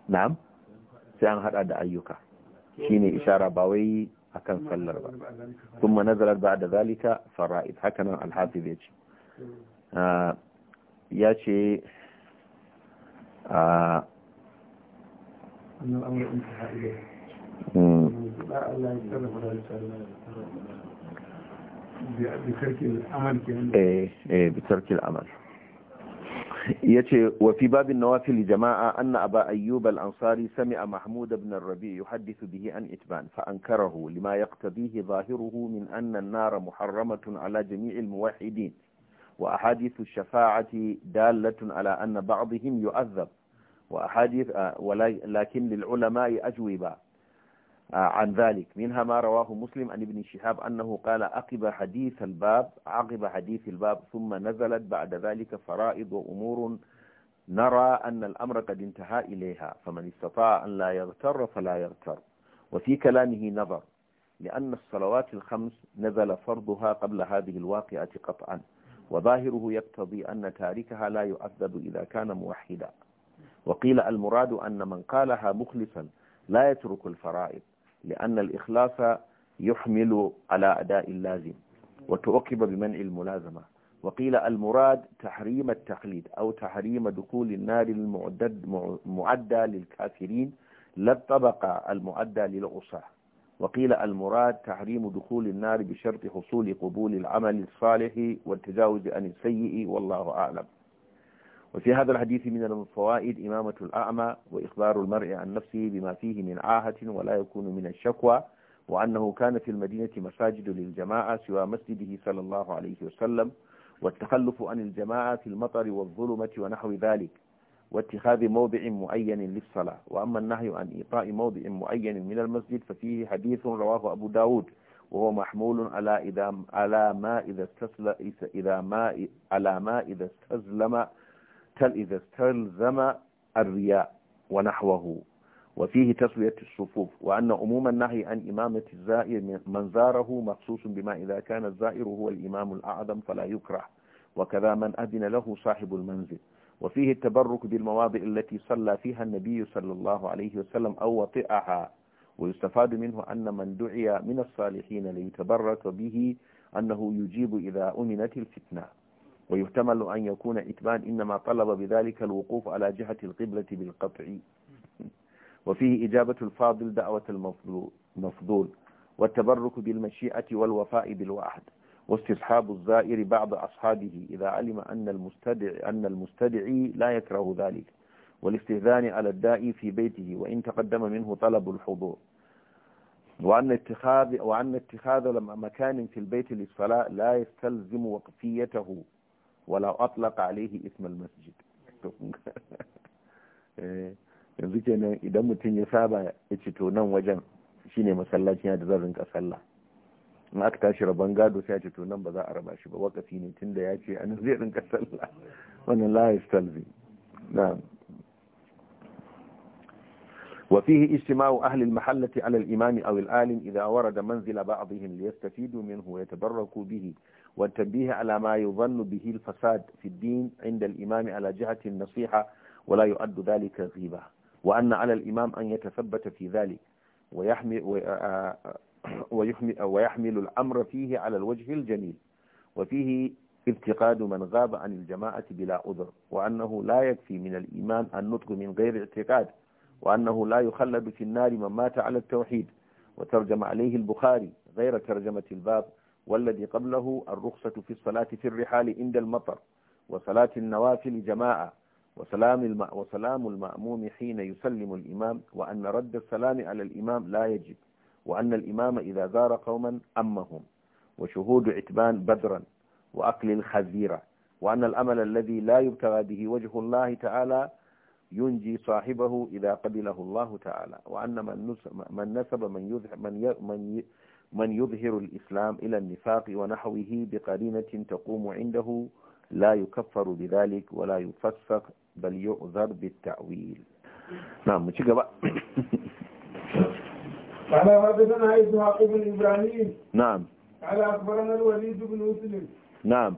na'am sai an hada da ayyuka shine ishara ba wai akan sallar ba kuma nazarar ba da zalika fara'id hakanan alhafi bai ce ya ce ah, a بترك ايه ايه بترك العمل يتي وفي باب النوافل جماعة أن أبا أيوب الأنصاري سمع محمود بن الربيع يحدث به عن إتبان فأنكره لما يقتضيه ظاهره من أن النار محرمة على جميع الموحدين وأحاديث الشفاعة دالة على أن بعضهم يؤذب وأحاديث آه، ولكن للعلماء أجوبة آه، عن ذلك منها ما رواه مسلم عن ابن شهاب أنه قال عقب حديث الباب عقب حديث الباب ثم نزلت بعد ذلك فرائض وأمور نرى أن الأمر قد انتهى إليها فمن استطاع أن لا يغتر فلا يغتر وفي كلامه نظر لأن الصلوات الخمس نزل فرضها قبل هذه الواقعة قطعا وظاهره يقتضي أن تاركها لا يؤذب إذا كان موحدا وقيل المراد أن من قالها مخلصا لا يترك الفرائض لأن الإخلاص يحمل على أداء اللازم وتعقب بمنع الملازمة وقيل المراد تحريم التقليد أو تحريم دخول النار المعدة للكافرين لا الطبقة المعدة للعصاة وقيل المراد تحريم دخول النار بشرط حصول قبول العمل الصالح والتجاوز عن السيء والله أعلم وفي هذا الحديث من الفوائد إمامة الأعمى وإخبار المرء عن نفسه بما فيه من عاهة ولا يكون من الشكوى وأنه كان في المدينة مساجد للجماعة سوى مسجده صلى الله عليه وسلم والتخلف عن الجماعة في المطر والظلمة ونحو ذلك واتخاذ موضع معين للصلاة وأما النهي عن إيطاء موضع معين من المسجد ففيه حديث رواه أبو داود وهو محمول على إذا على ما إذا استسلم إذا ما على ما إذا استسلم إذا استلزم الرياء ونحوه وفيه تسوية الصفوف وأن عموم النهي عن إمامة الزائر من زاره مخصوص بما إذا كان الزائر هو الإمام الأعظم فلا يكره وكذا من أذن له صاحب المنزل وفيه التبرك بالمواضع التي صلى فيها النبي صلى الله عليه وسلم أو وطئها ويستفاد منه أن من دعي من الصالحين ليتبرك به أنه يجيب إذا أمنت الفتنة ويحتمل أن يكون إتبان إنما طلب بذلك الوقوف على جهة القبلة بالقطع وفيه إجابة الفاضل دعوة المفضول والتبرك بالمشيئة والوفاء بالواحد واستصحاب الزائر بعض أصحابه إذا علم أن المستدعي, أن المستدعي لا يكره ذلك والاستهذان على الداء في بيته وإن تقدم منه طلب الحضور وأن اتخاذ, وأن اتخاذ مكان في البيت للصلاة لا يستلزم وقفيته ولا أطلق عليه اسم المسجد yanzu kenan idan mutum ya saba ya ce to nan wajen shine masallacin da zan rinka sallah in aka tashi rabon gado sai ya ce to nan ba za a raba shi ba wakafi ne tunda ya ce an zai rinka sallah wannan la yastalzi na'am وفيه اجتماع أهل المحلة على الإمام أو الآلم إذا ورد منزل بعضهم ليستفيدوا منه ويتبركوا به والتنبيه على ما يظن به الفساد في الدين عند الإمام على جهة النصيحة ولا يؤد ذلك غيبة وأن على الإمام أن يتثبت في ذلك ويحمل, ويحمل, ويحمل الأمر فيه على الوجه الجميل وفيه افتقاد من غاب عن الجماعة بلا عذر وأنه لا يكفي من الإيمان النطق من غير اعتقاد وأنه لا يخلد في النار من مات على التوحيد وترجم عليه البخاري غير ترجمة الباب والذي قبله الرخصة في الصلاة في الرحال عند المطر وصلاة النوافل جماعة وسلام, الم... وسلام المأموم حين يسلم الإمام وأن رد السلام على الإمام لا يجب وأن الإمام إذا زار قوما أمهم وشهود عتبان بدرا وأكل الخزيرة وأن الأمل الذي لا يبتغى به وجه الله تعالى ينجي صاحبه إذا قبله الله تعالى وأن من نسب من يذهب من, ي... من, ي... من يظهر الإسلام إلى النفاق ونحوه بقرينة تقوم عنده لا يكفر بذلك ولا يفسق بل يؤذر بالتأويل نعم بقى على حدثنا إسحاق بن إبراهيم نعم على أخبرنا الوليد بن مسلم نعم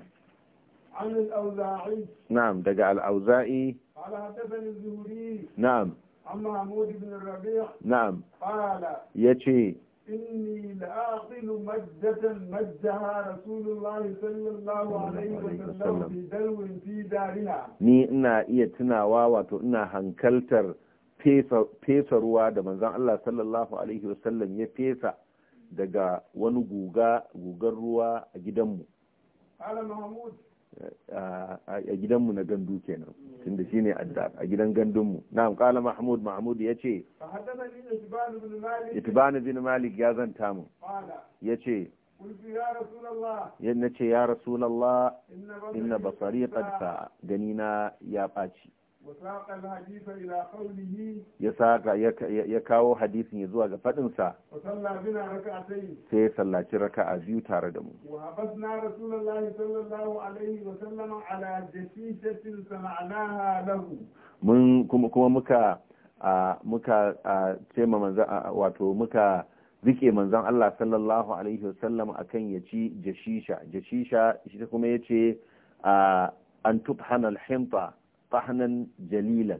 عن الأوزاعي نعم دقع الأوزاعي على حدثني الزهري نعم عن محمود بن الربيع نعم قال يتي إني لآخذ مجدة مجدها رسول الله صلى الله عليه وسلم في دلو في دارنا ني إنا إيتنا واوة إنا هنكالتر fesa ruwa da manzon Allah sallallahu Alaihi wasallam ya fesa daga wani guga gugar ruwa a gidanmu. a gidanmu na gandu kenan tunda shine adda a gidan gandunmu na'am qala mahmud mahmud yace itban bin malik ya zanta mu yace ya nace ya rasulullah inna basari qad sa ganina ya baci. ya saka ya kawo hadisin ya zuwa ga fadinsa sai ya sallaci raka a biyu tare da mu mun kuma muka muka ce ma manzan wato muka rike manzan Allah sallallahu alaihi wasallam akan ya ci jashisha jashisha shi kuma ya ce an tubhana alhinta طحنا جليلا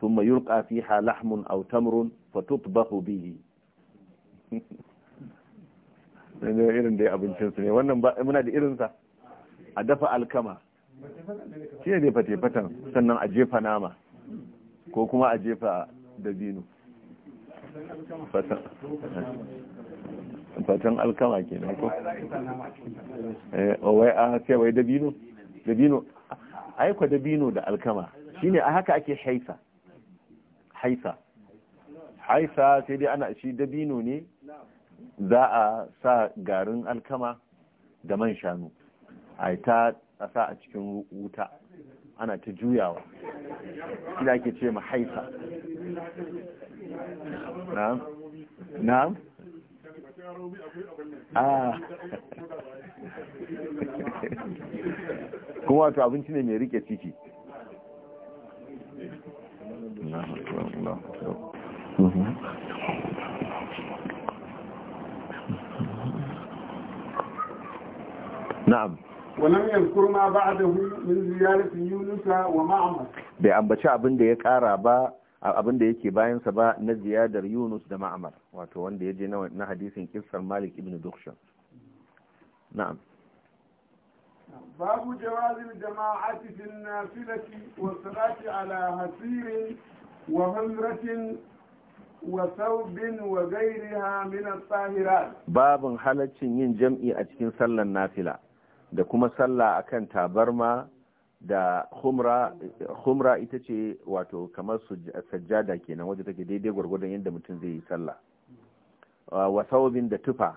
ثم يلقى فيها لحم أو تمر فتطبخ به ne irin da dai abincinsu ne wannan ba muna da irinsa a dafa alkama shi ne fate-fatan sannan a jefa nama ko kuma a jefa dabino fatan alkama ke ne ko wai a sai wai dabino dabino ai kwa dabino da alkama shine a haka ake haisa haisa haisa sai dai ana shi dabino ne za a sa garin alkama da man shanu a ta a sa a cikin wuta ana ta juyawa shi da ake ce ma haisa na'am na'am a ah. kuma wato abinci ne mai rike ciki na'am ولم يذكر ما بعده من زيارة wa Ma'amar. bai ambaci abin da ya kara ba abin da yake bayansa ba na ziyadar Yunus da Ma'amar wato wanda ya je na hadisin kissar Malik ibn Dukhshan na'am babu jawazin jama'ati fil nafilati wa salati ala hasirin wa hamratin wa saubin wa gairiha min at-tahirat babun yin jam'i a cikin sallar nafila da kuma sallah a kan tabarma da humra ita ce wato kamar sajjada kenan wadda take daidai gwargwadon yadda mutum zai yi sallah wa saubin da tufa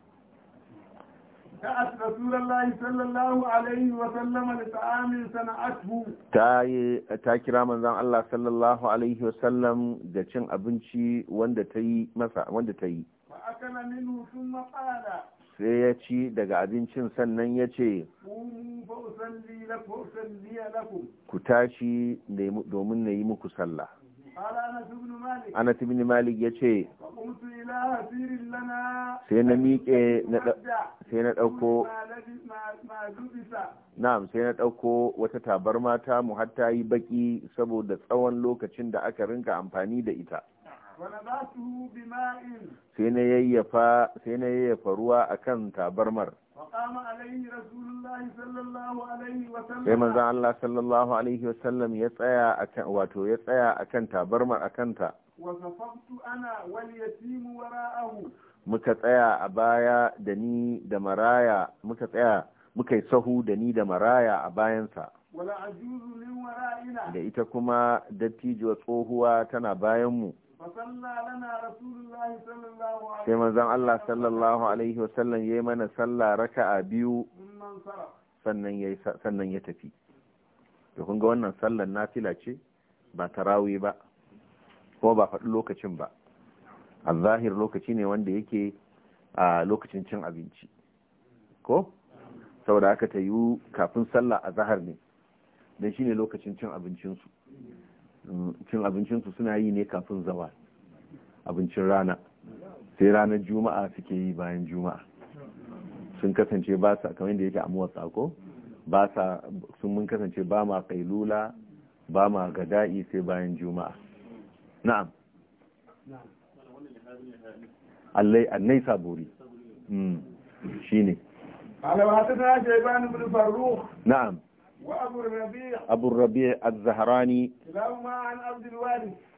da'at rasulullahi sallallahu alaihi wa sallam li ta'amin sana'atuhu ta ta kira manzon Allah sallallahu alaihi wa sallam da cin abinci wanda ta yi masa wanda ta yi akala minhu thumma qala sai ya ci daga abincin sannan ya ce ku tashi domin na yi muku sallah Anas ibn Malik ya ce, sai na miƙe ɗauko na'am sai na ɗauko wata tabar mata mu hatta yi baki saboda tsawon lokacin da aka rinka amfani da ita. sai na yayyafa sai na yayyafa ruwa akan tabarmar sai manzon Allah sallallahu alaihi wa sallam ya tsaya akan wato ya tsaya akan tabarmar akan ta muka tsaya a baya da ni da maraya muka tsaya muka yi sahu da ni da maraya a bayansa da ita kuma dattijuwa tsohuwa tana bayanmu sai manzan Allah sallallahu alaihi wasallam yi mana sallah a biyu sannan ya tafi to kun ga wannan sallar nafila ce ba tarawih ba ko ba faɗi lokacin ba a zahir lokaci ne wanda yake a lokacin cin abinci ko saboda aka ta yiwu kafin sallah a zahar ne don shi ne lokacin cin abincinsu cin abincinsu suna yi ne kafin zawa abincin rana sai ranar juma'a suke yi bayan juma'a sun kasance ba sa kamar yadda yake amuwa tsako ba sa sun mun kasance ba ma kailula ba ma gada'i sai bayan juma'a na'am allai annai saburi shine alawa na shaiban ibn farruh na'am abu rabi az-zahrani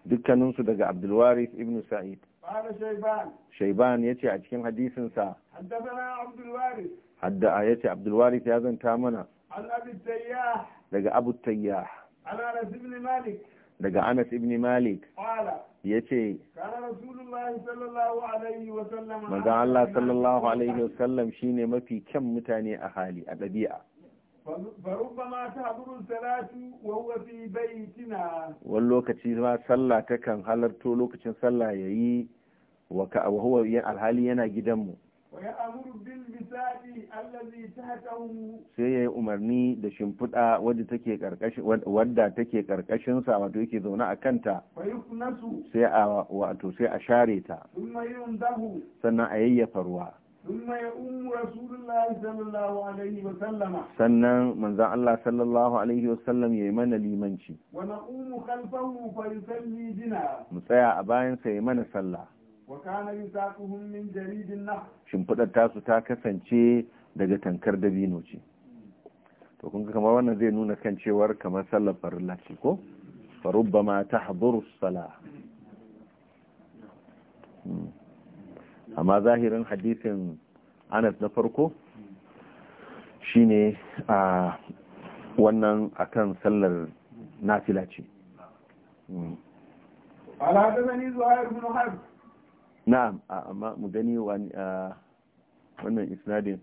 dukkaninsu daga abdulwaris ibn sa'id shaiban ya ce a cikin hadisinsa hadda ya ce abdulwaris ya zanta mana daga abu tayyah daga anas ibn malik ya ce manzan allah sallallahu alaihi wasallam shine mafi kyan mutane a hali a ɗabi'a فربما تحضر الصلاة وهو في بيتنا واللوكتي ما صلى تكن حلرتو لوكتين صلى يي وهو الحالي ينا جدنمو ويأمر بالبساط الذي تحته sai yayi umarni da shimfiɗa wadda take karkashin wadda take wato yake zaune a kanta sai a wato sai a share ta sannan a yayyafa ruwa sannan manzan Allah sallallahu alaihi wasallam ya yi mana limanci mu tsaya a bayansa ya yi mana sallah shimfiɗar tasu ta kasance daga tankar dabino ce to kun kamar wannan zai nuna kan cewar kamar sallar farilla ce ko farubbama ta haburu sala amma zahirin hadisin anas na farko shine a wannan akan sallar nafila ce hmm. na'am amma mu gani wannan isnadin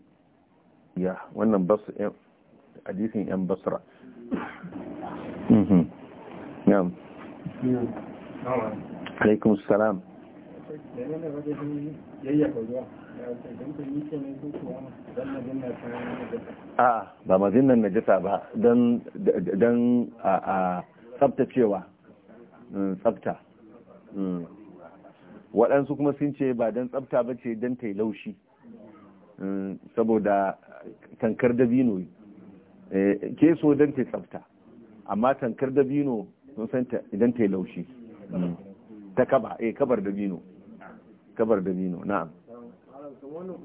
ya wannan basu hadisin yan basura. Hmm, hmm. na'am alaikum salam da yana wajen yayyafa ruwa a ba mazinnan najasa ba don a tsabtacewa mm, tsabta mm. waɗansu kuma sun ce ba don tsabta ba ce don ta yi laushi mm, saboda tankar dabino eh, ke so don ta yi tsabta amma tankar dabino sun san idan ta yi laushi ta kaba eh kabar dabino gabar dabino na'am wannan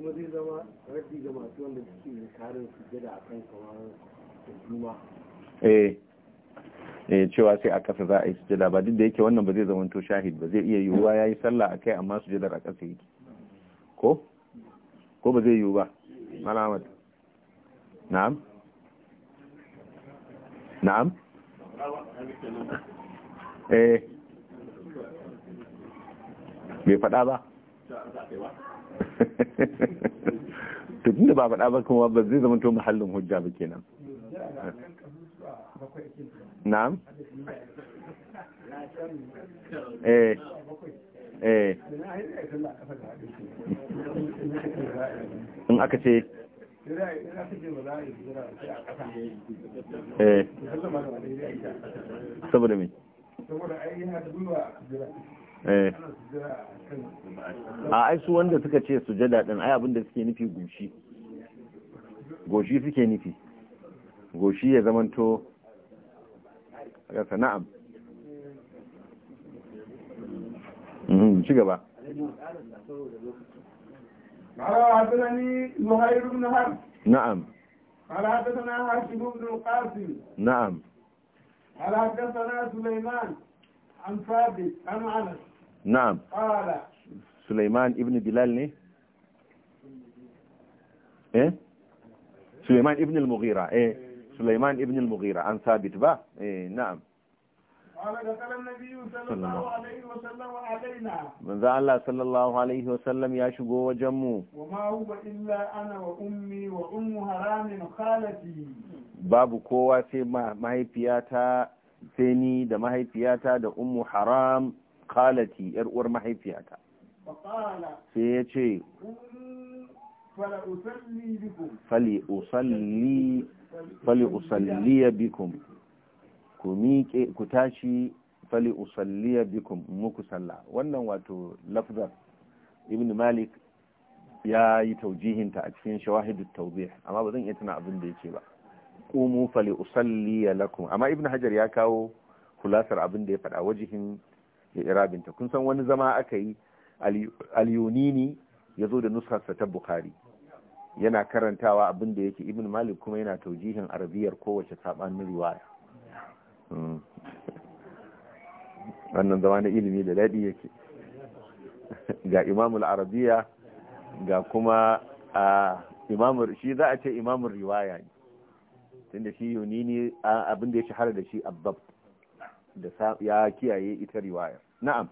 eh eh cewa sai a kasa za a yi sujjada ba duk da yake wannan ba zai zama to shahid ba zai iya yiwuwa ya yi sallah a kai amma sujjadar a kasa yake ko ko ba zai yiwu ba malamat na'am na'am eh bai faɗa ba to da ba faɗa ba kuma ba zai zama to muhallin hujja ba kenan na'am eh eh in aka ce eh. saboda me saboda ai yana da Eh. a aisu wanda suka ce sujada din ai abinda suke nufi goshi goshi suke nufi goshi ya zamanto rasa na'am mhm, ci gaba قال حدثني زهير بن حرب نعم قال حدثنا هاشم بن القاسم نعم قال حدثنا سليمان عن ثابت عن انس na'am Suleiman ibn Bilal ne eh? Suleiman ibn al eh, an sabit ba eh na'am manzo sallallahu alaihi wasallam ya shigo wajen mu babu kowa sai mahaifiyata sai ni da mahaifiyata da ummu haram kalati yar uwar mahaifiyata sai ya ce fali'usalliya bikum ku miƙe ku tashi fali'usalliya bikum muku sallah wannan wato lafzar ibn malik ya yi taujihinta a cikin shawahidu taubih amma ba zan iya tuna abin da yake ba fali fali'usalliya lakum amma ibn hajar ya kawo kulasar abin da ya faɗa wajihin ya irabinta kun san wani zama aka yi al ya zo da nusarsa ta bukhari yana karantawa abin da yake ibn malik kuma yana taujihin arabiyar kowace sabanin riwaya hmm. wannan zama na ilimi da daɗi yake ga imamul arabiya ga kuma imamul shi za a ce imamul riwaya ne tunda shi yunini abin da ya shahara da shi abbab da ya kiyaye ita riwayar na'am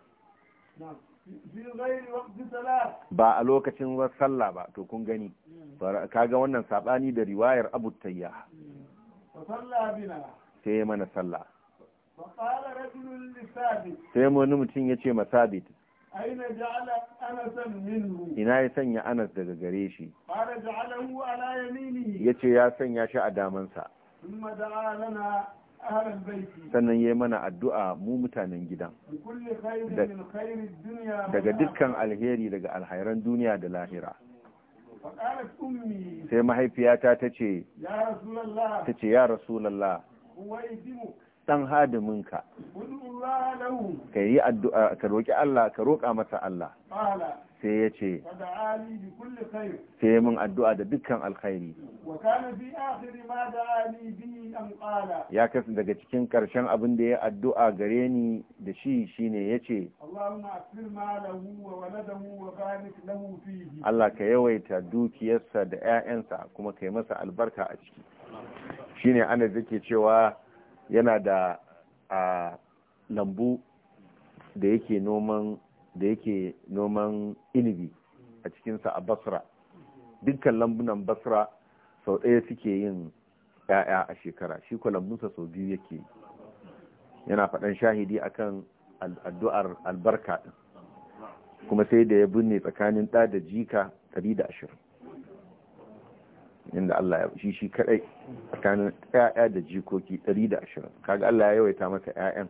ba a lokacin sallah ba to kun gani hmm. Ka ga wannan sabani da riwayar abu tayya hmm. sai ya mana sallah sai wani mutum ya ce masabit ina ya sanya anas daga gare shi ya ce ya sanya shi a damansa sannan ya mana addu'a mu mutanen gidan daga dukkan alheri daga alhairan duniya da lahira sai mahaifiyata ta ce ya rasulallah dan hadiminka ka yi addu'a ka roƙi Allah ka roƙa masa Allah sai ya ce sai min addu'a da dukkan alkhairi ya kasu daga cikin ƙarshen abin da ya addu'a gare ni da shi shine ya ce Allah ka yawaita dukiyarsa da ‘ya'yansa kuma ka yi masa albarka a ciki shine ana zake cewa yana da a lambu da yake noman da yake noman inibi a cikinsa a basra dukkan lambunan basra sau ɗaya suke yin ‘ya'ya a shekara shi ko lambunsa sau biyu yake yana faɗan shahidi akan addu'ar albarka kuma sai da ya binne tsakanin ɗa da jika ashirin. inda Allah ya shi shi kadai tsakanin ƴaƴa da jikoki 120 kaga Allah ya yawaita masa ƴaƴan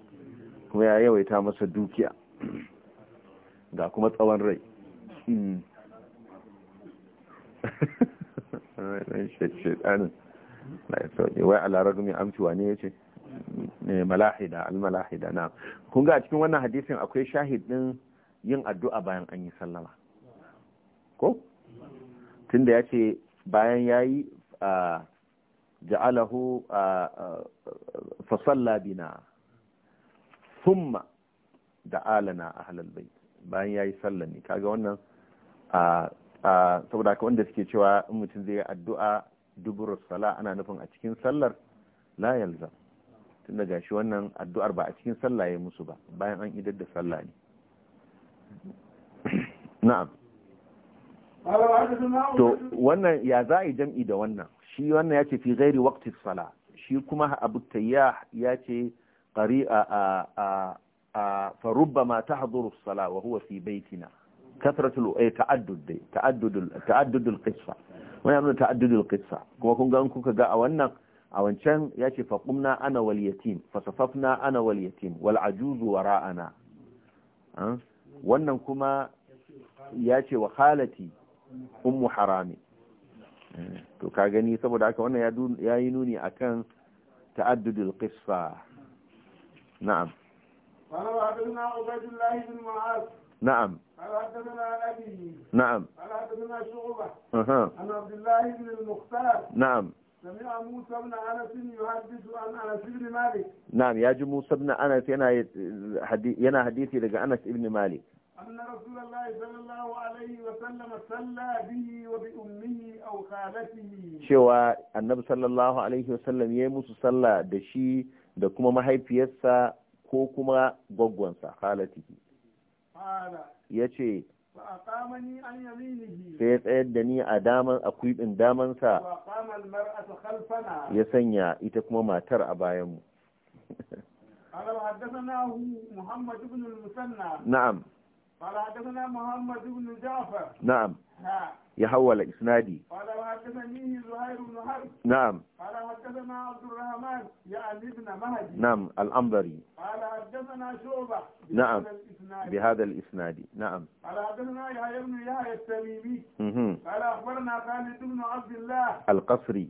kuma ya yawaita masa dukiya ga kuma tsawon rai wai ala ragumi amciwa ne ya ce malahida almalahida na kun ga cikin wannan hadisin akwai shahidin yin addu'a bayan an yi sallama ko tun da ya ce bayan ya yayi ja'alahu a fasalla bina thumma a halal bai bayan ya yi ne kaga wannan saboda haka wanda suke cewa in mutum zai yi addu'a duburu sala ana nufin a cikin sallar la yalza tun da gashi wannan addu'ar ba a cikin sallaye musu ba bayan an idar da sallah na'am to wannan ya za a yi jam'i da wannan shi wannan ya ce fi gairi waktis sala shi kuma abu tayya ya ce ƙari a farubba ma ta haduru sala wa huwa fi baitina kasratul eh ta'addud dai ta'addudul ta'addudul qissa wani abin ta'addudul qissa kuma kun ga kuka ga a wannan a wancan ya ce faqumna ana wal yatim fasafafna ana wal yatim wal ajuzu wara'ana wannan kuma ya ce wa khalati ummu harami to ka gani saboda haka wannan ya yi nuni a kan ta'addudul qisfa na'am na'am na'am na'am na'am ya ji musa ibn yana yana hadisi daga anas ibn malik أن رسول الله صلى الله عليه وسلم صلى به وبأمه أو خالته شوى النبي صلى الله عليه وسلم يمس صلى دشي دكما ما هي فيسا كوكما بغوانسا خالته قال يشي sai ya tsayar da ni a daman a kuɗin damansa ya sanya ita kuma matar a bayanmu na'am قال حدثنا محمد بن جعفر نعم, نعم. يحول إسنادي قال حدثني زهير بن حرب نعم قال حدثنا عبد الرحمن يعني ابن مهدي نعم الأنظري قال حدثنا شعبة نعم بهذا الإسناد نعم قال حدثنا يحيى بن يحيى التميمي قال أخبرنا خالد بن عبد الله القصري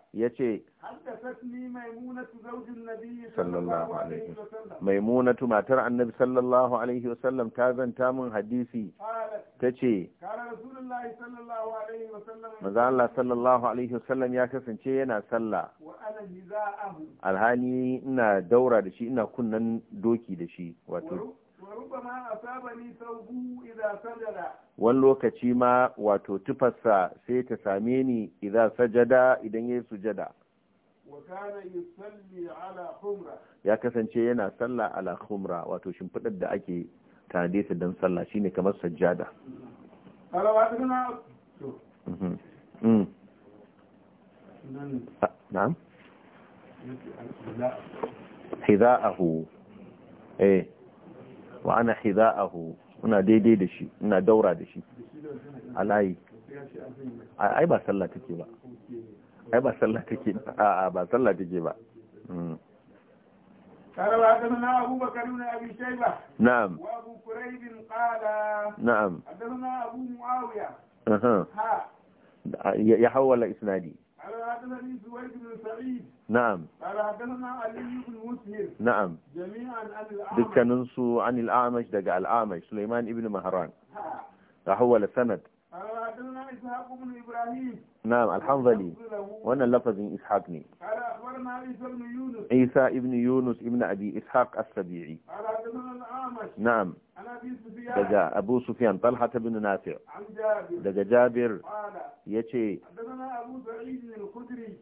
ya ce sallallahu alaihi maimunatu matar annabi sallallahu alaihi wasallam ta zanta min hadisi ta ce maza Allah sallallahu alaihi wasallam ya kasance yana sallah alhali ina daura da shi ina kunnan doki da shi wato wani lokaci ma wato tufarsa sai ta same ni idan sajada idan ya sujada ya kasance yana sallah ala khumra wato shimfidar da ake tare ta don sallah shine kamar sajjada mhm. mm. ah, na'am hida'ahu eh wa ana hida'ahu ina daidai da shi ina daura da shi alayi ai ba sallah take ba ai ba sallah take a ba sallah take ba hmm. قال وحدثنا أبو بكر بن أبي شيبة نعم وأبو كريب قال نعم حدثنا أبو معاوية أها يحول إسنادي على سويد بن سعيد نعم على حدثنا علي بن مسهر نعم جميعا عن الأعمش دكا ننسو عن الأعمش دقا الأعمش سليمان ابن مهران هو سند نعم الحنظلي وانا لفظ إسحاق ني عيسى بن يونس ابن يونس ابن أبي إسحاق السبيعي نعم دجا أبو سفيان طلحة بن نافع دجا جابر يتي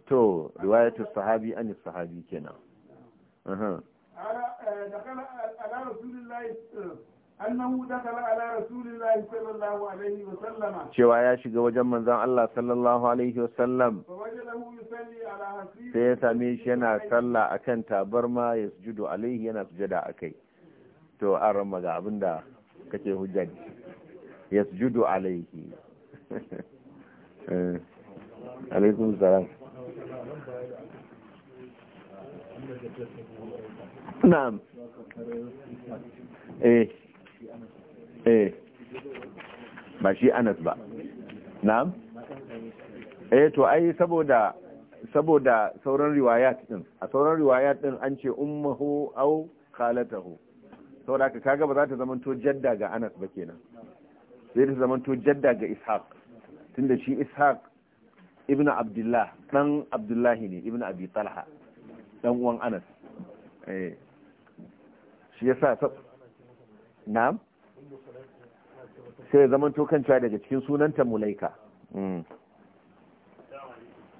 تو رواية الصحابي عن الصحابي كنا أها آه، دخل آه، على رسول الله آه، annahu dakala ala rasulillahi sallallahu alaihi wa sallama cewa ya shiga wajen manzan Allah sallallahu alaihi wa sai ya same shi yana sallah akan tabarma ya sujudu alaihi yana sujada akai to an rama ga abinda kake hujja ya sujudu alaihi alaikum salam na'am eh eh ba shi anas ba na'am eh to ai saboda saboda sauran riwayat din a sauran riwayat din an ce ummuhu aw khalatuhu saboda haka kaga ba za ta zama to jadda ga anas ba kenan sai ta zama to jadda ga ishaq tunda shi ishaq ibnu abdullah dan abdullahi ne ibnu abi talha dan uwan anas eh shi yasa na'am sai zaman to kan cewa daga cikin sunanta mulaika hmm.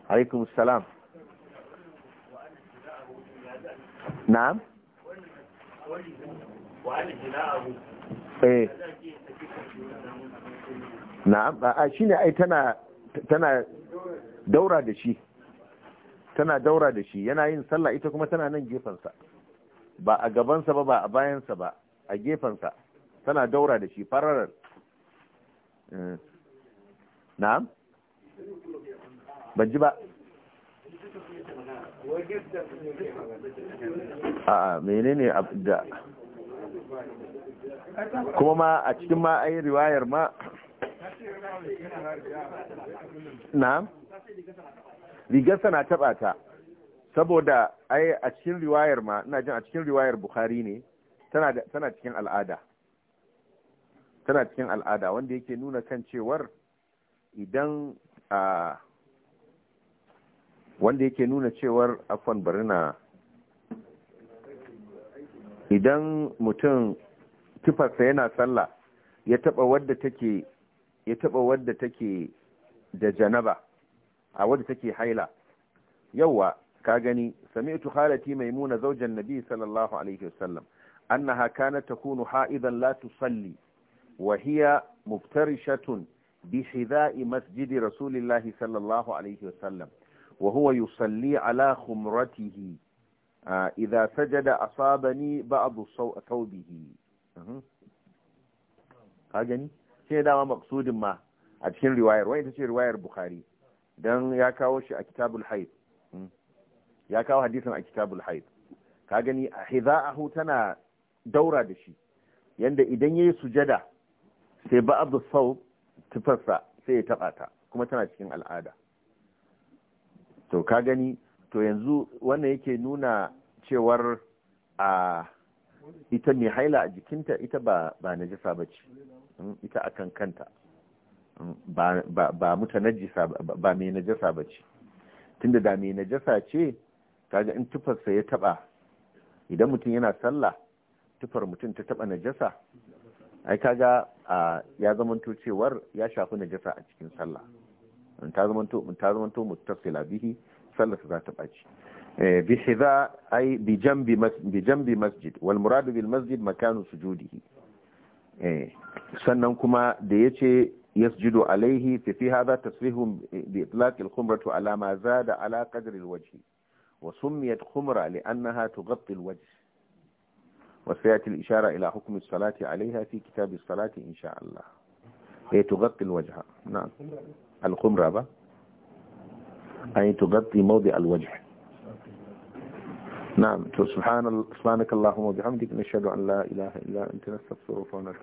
alaikum salam na'am eh na'am a ne ai tana tana daura da shi tana daura da shi yana yin sallah ita kuma tana nan gefensa ba a gabansa ba ba a bayansa ba a gefensa tana daura da shi fararar Eh. na'am ban ji ba a'a menene abda. kuma ma a cikin ma ayi riwayar ma na'am rigarsa na taɓa ta saboda ai a cikin riwayar ma ina jin a cikin riwayar bukhari ne tana cikin al'ada tana cikin al'ada wanda yake nuna kan cewar idan a wanda yake nuna cewar afon bari na idan mutum tufarsa yana sallah ya taba wadda take ya taba wadda take da janaba a wadda take haila yauwa ka gani sami'tu mai maimuna zaujan nabi sallallahu alaihi wasallam annaha kanat takunu ha'idan la tusalli وهي مفترشة بحذاء مسجد رسول الله صلى الله عليه وسلم وهو يصلي على خمرته إذا سجد أصابني بعض ثوبه kagani sai dama maksudin ma a cikin riwayar wani ita ce riwayar bukhari don ya kawo shi a kitabul haid ya kawo hadisin a kitabul haid kagani hiza'ahu tana daura da shi yanda idan yayi sujada sai ba abu sau tufarsa sai ya taɓa ta kuma tana cikin al'ada to ka gani to yanzu wannan yake nuna cewar a ita mai haila a jikinta ita ba ba jisa ba ce hmm, ita akan kanta hmm, ba muta najisa ba mai najasa ba ce tunda da mai najasa ce kaga in tufarsa ya taba idan mutum yana sallah tufar mutum ta taba najasa ai kaga ya zamanto cewar ya shafi najasa a cikin sallah ta zamanto ta zamanto muttasila bihi Sallah za ta baci eh, bi hidha bi jambi bi jambi masjid wal muradu bil masjid makanu sujudihi eh, sannan kuma da yace yasjudu alaihi fi fi hadha tasrihu bi itlaq al khumratu ala ma zada ala qadri al wajhi wa summiyat khumra li annaha tughatti al wajh وسيأتي الإشارة إلى حكم الصلاة عليها في كتاب الصلاة إن شاء الله هي تغطي الوجه نعم القمرة أي تغطي موضع الوجه نعم سبحان سبحانك اللهم وبحمدك نشهد أن لا إله إلا أنت نستغفرك ونتوب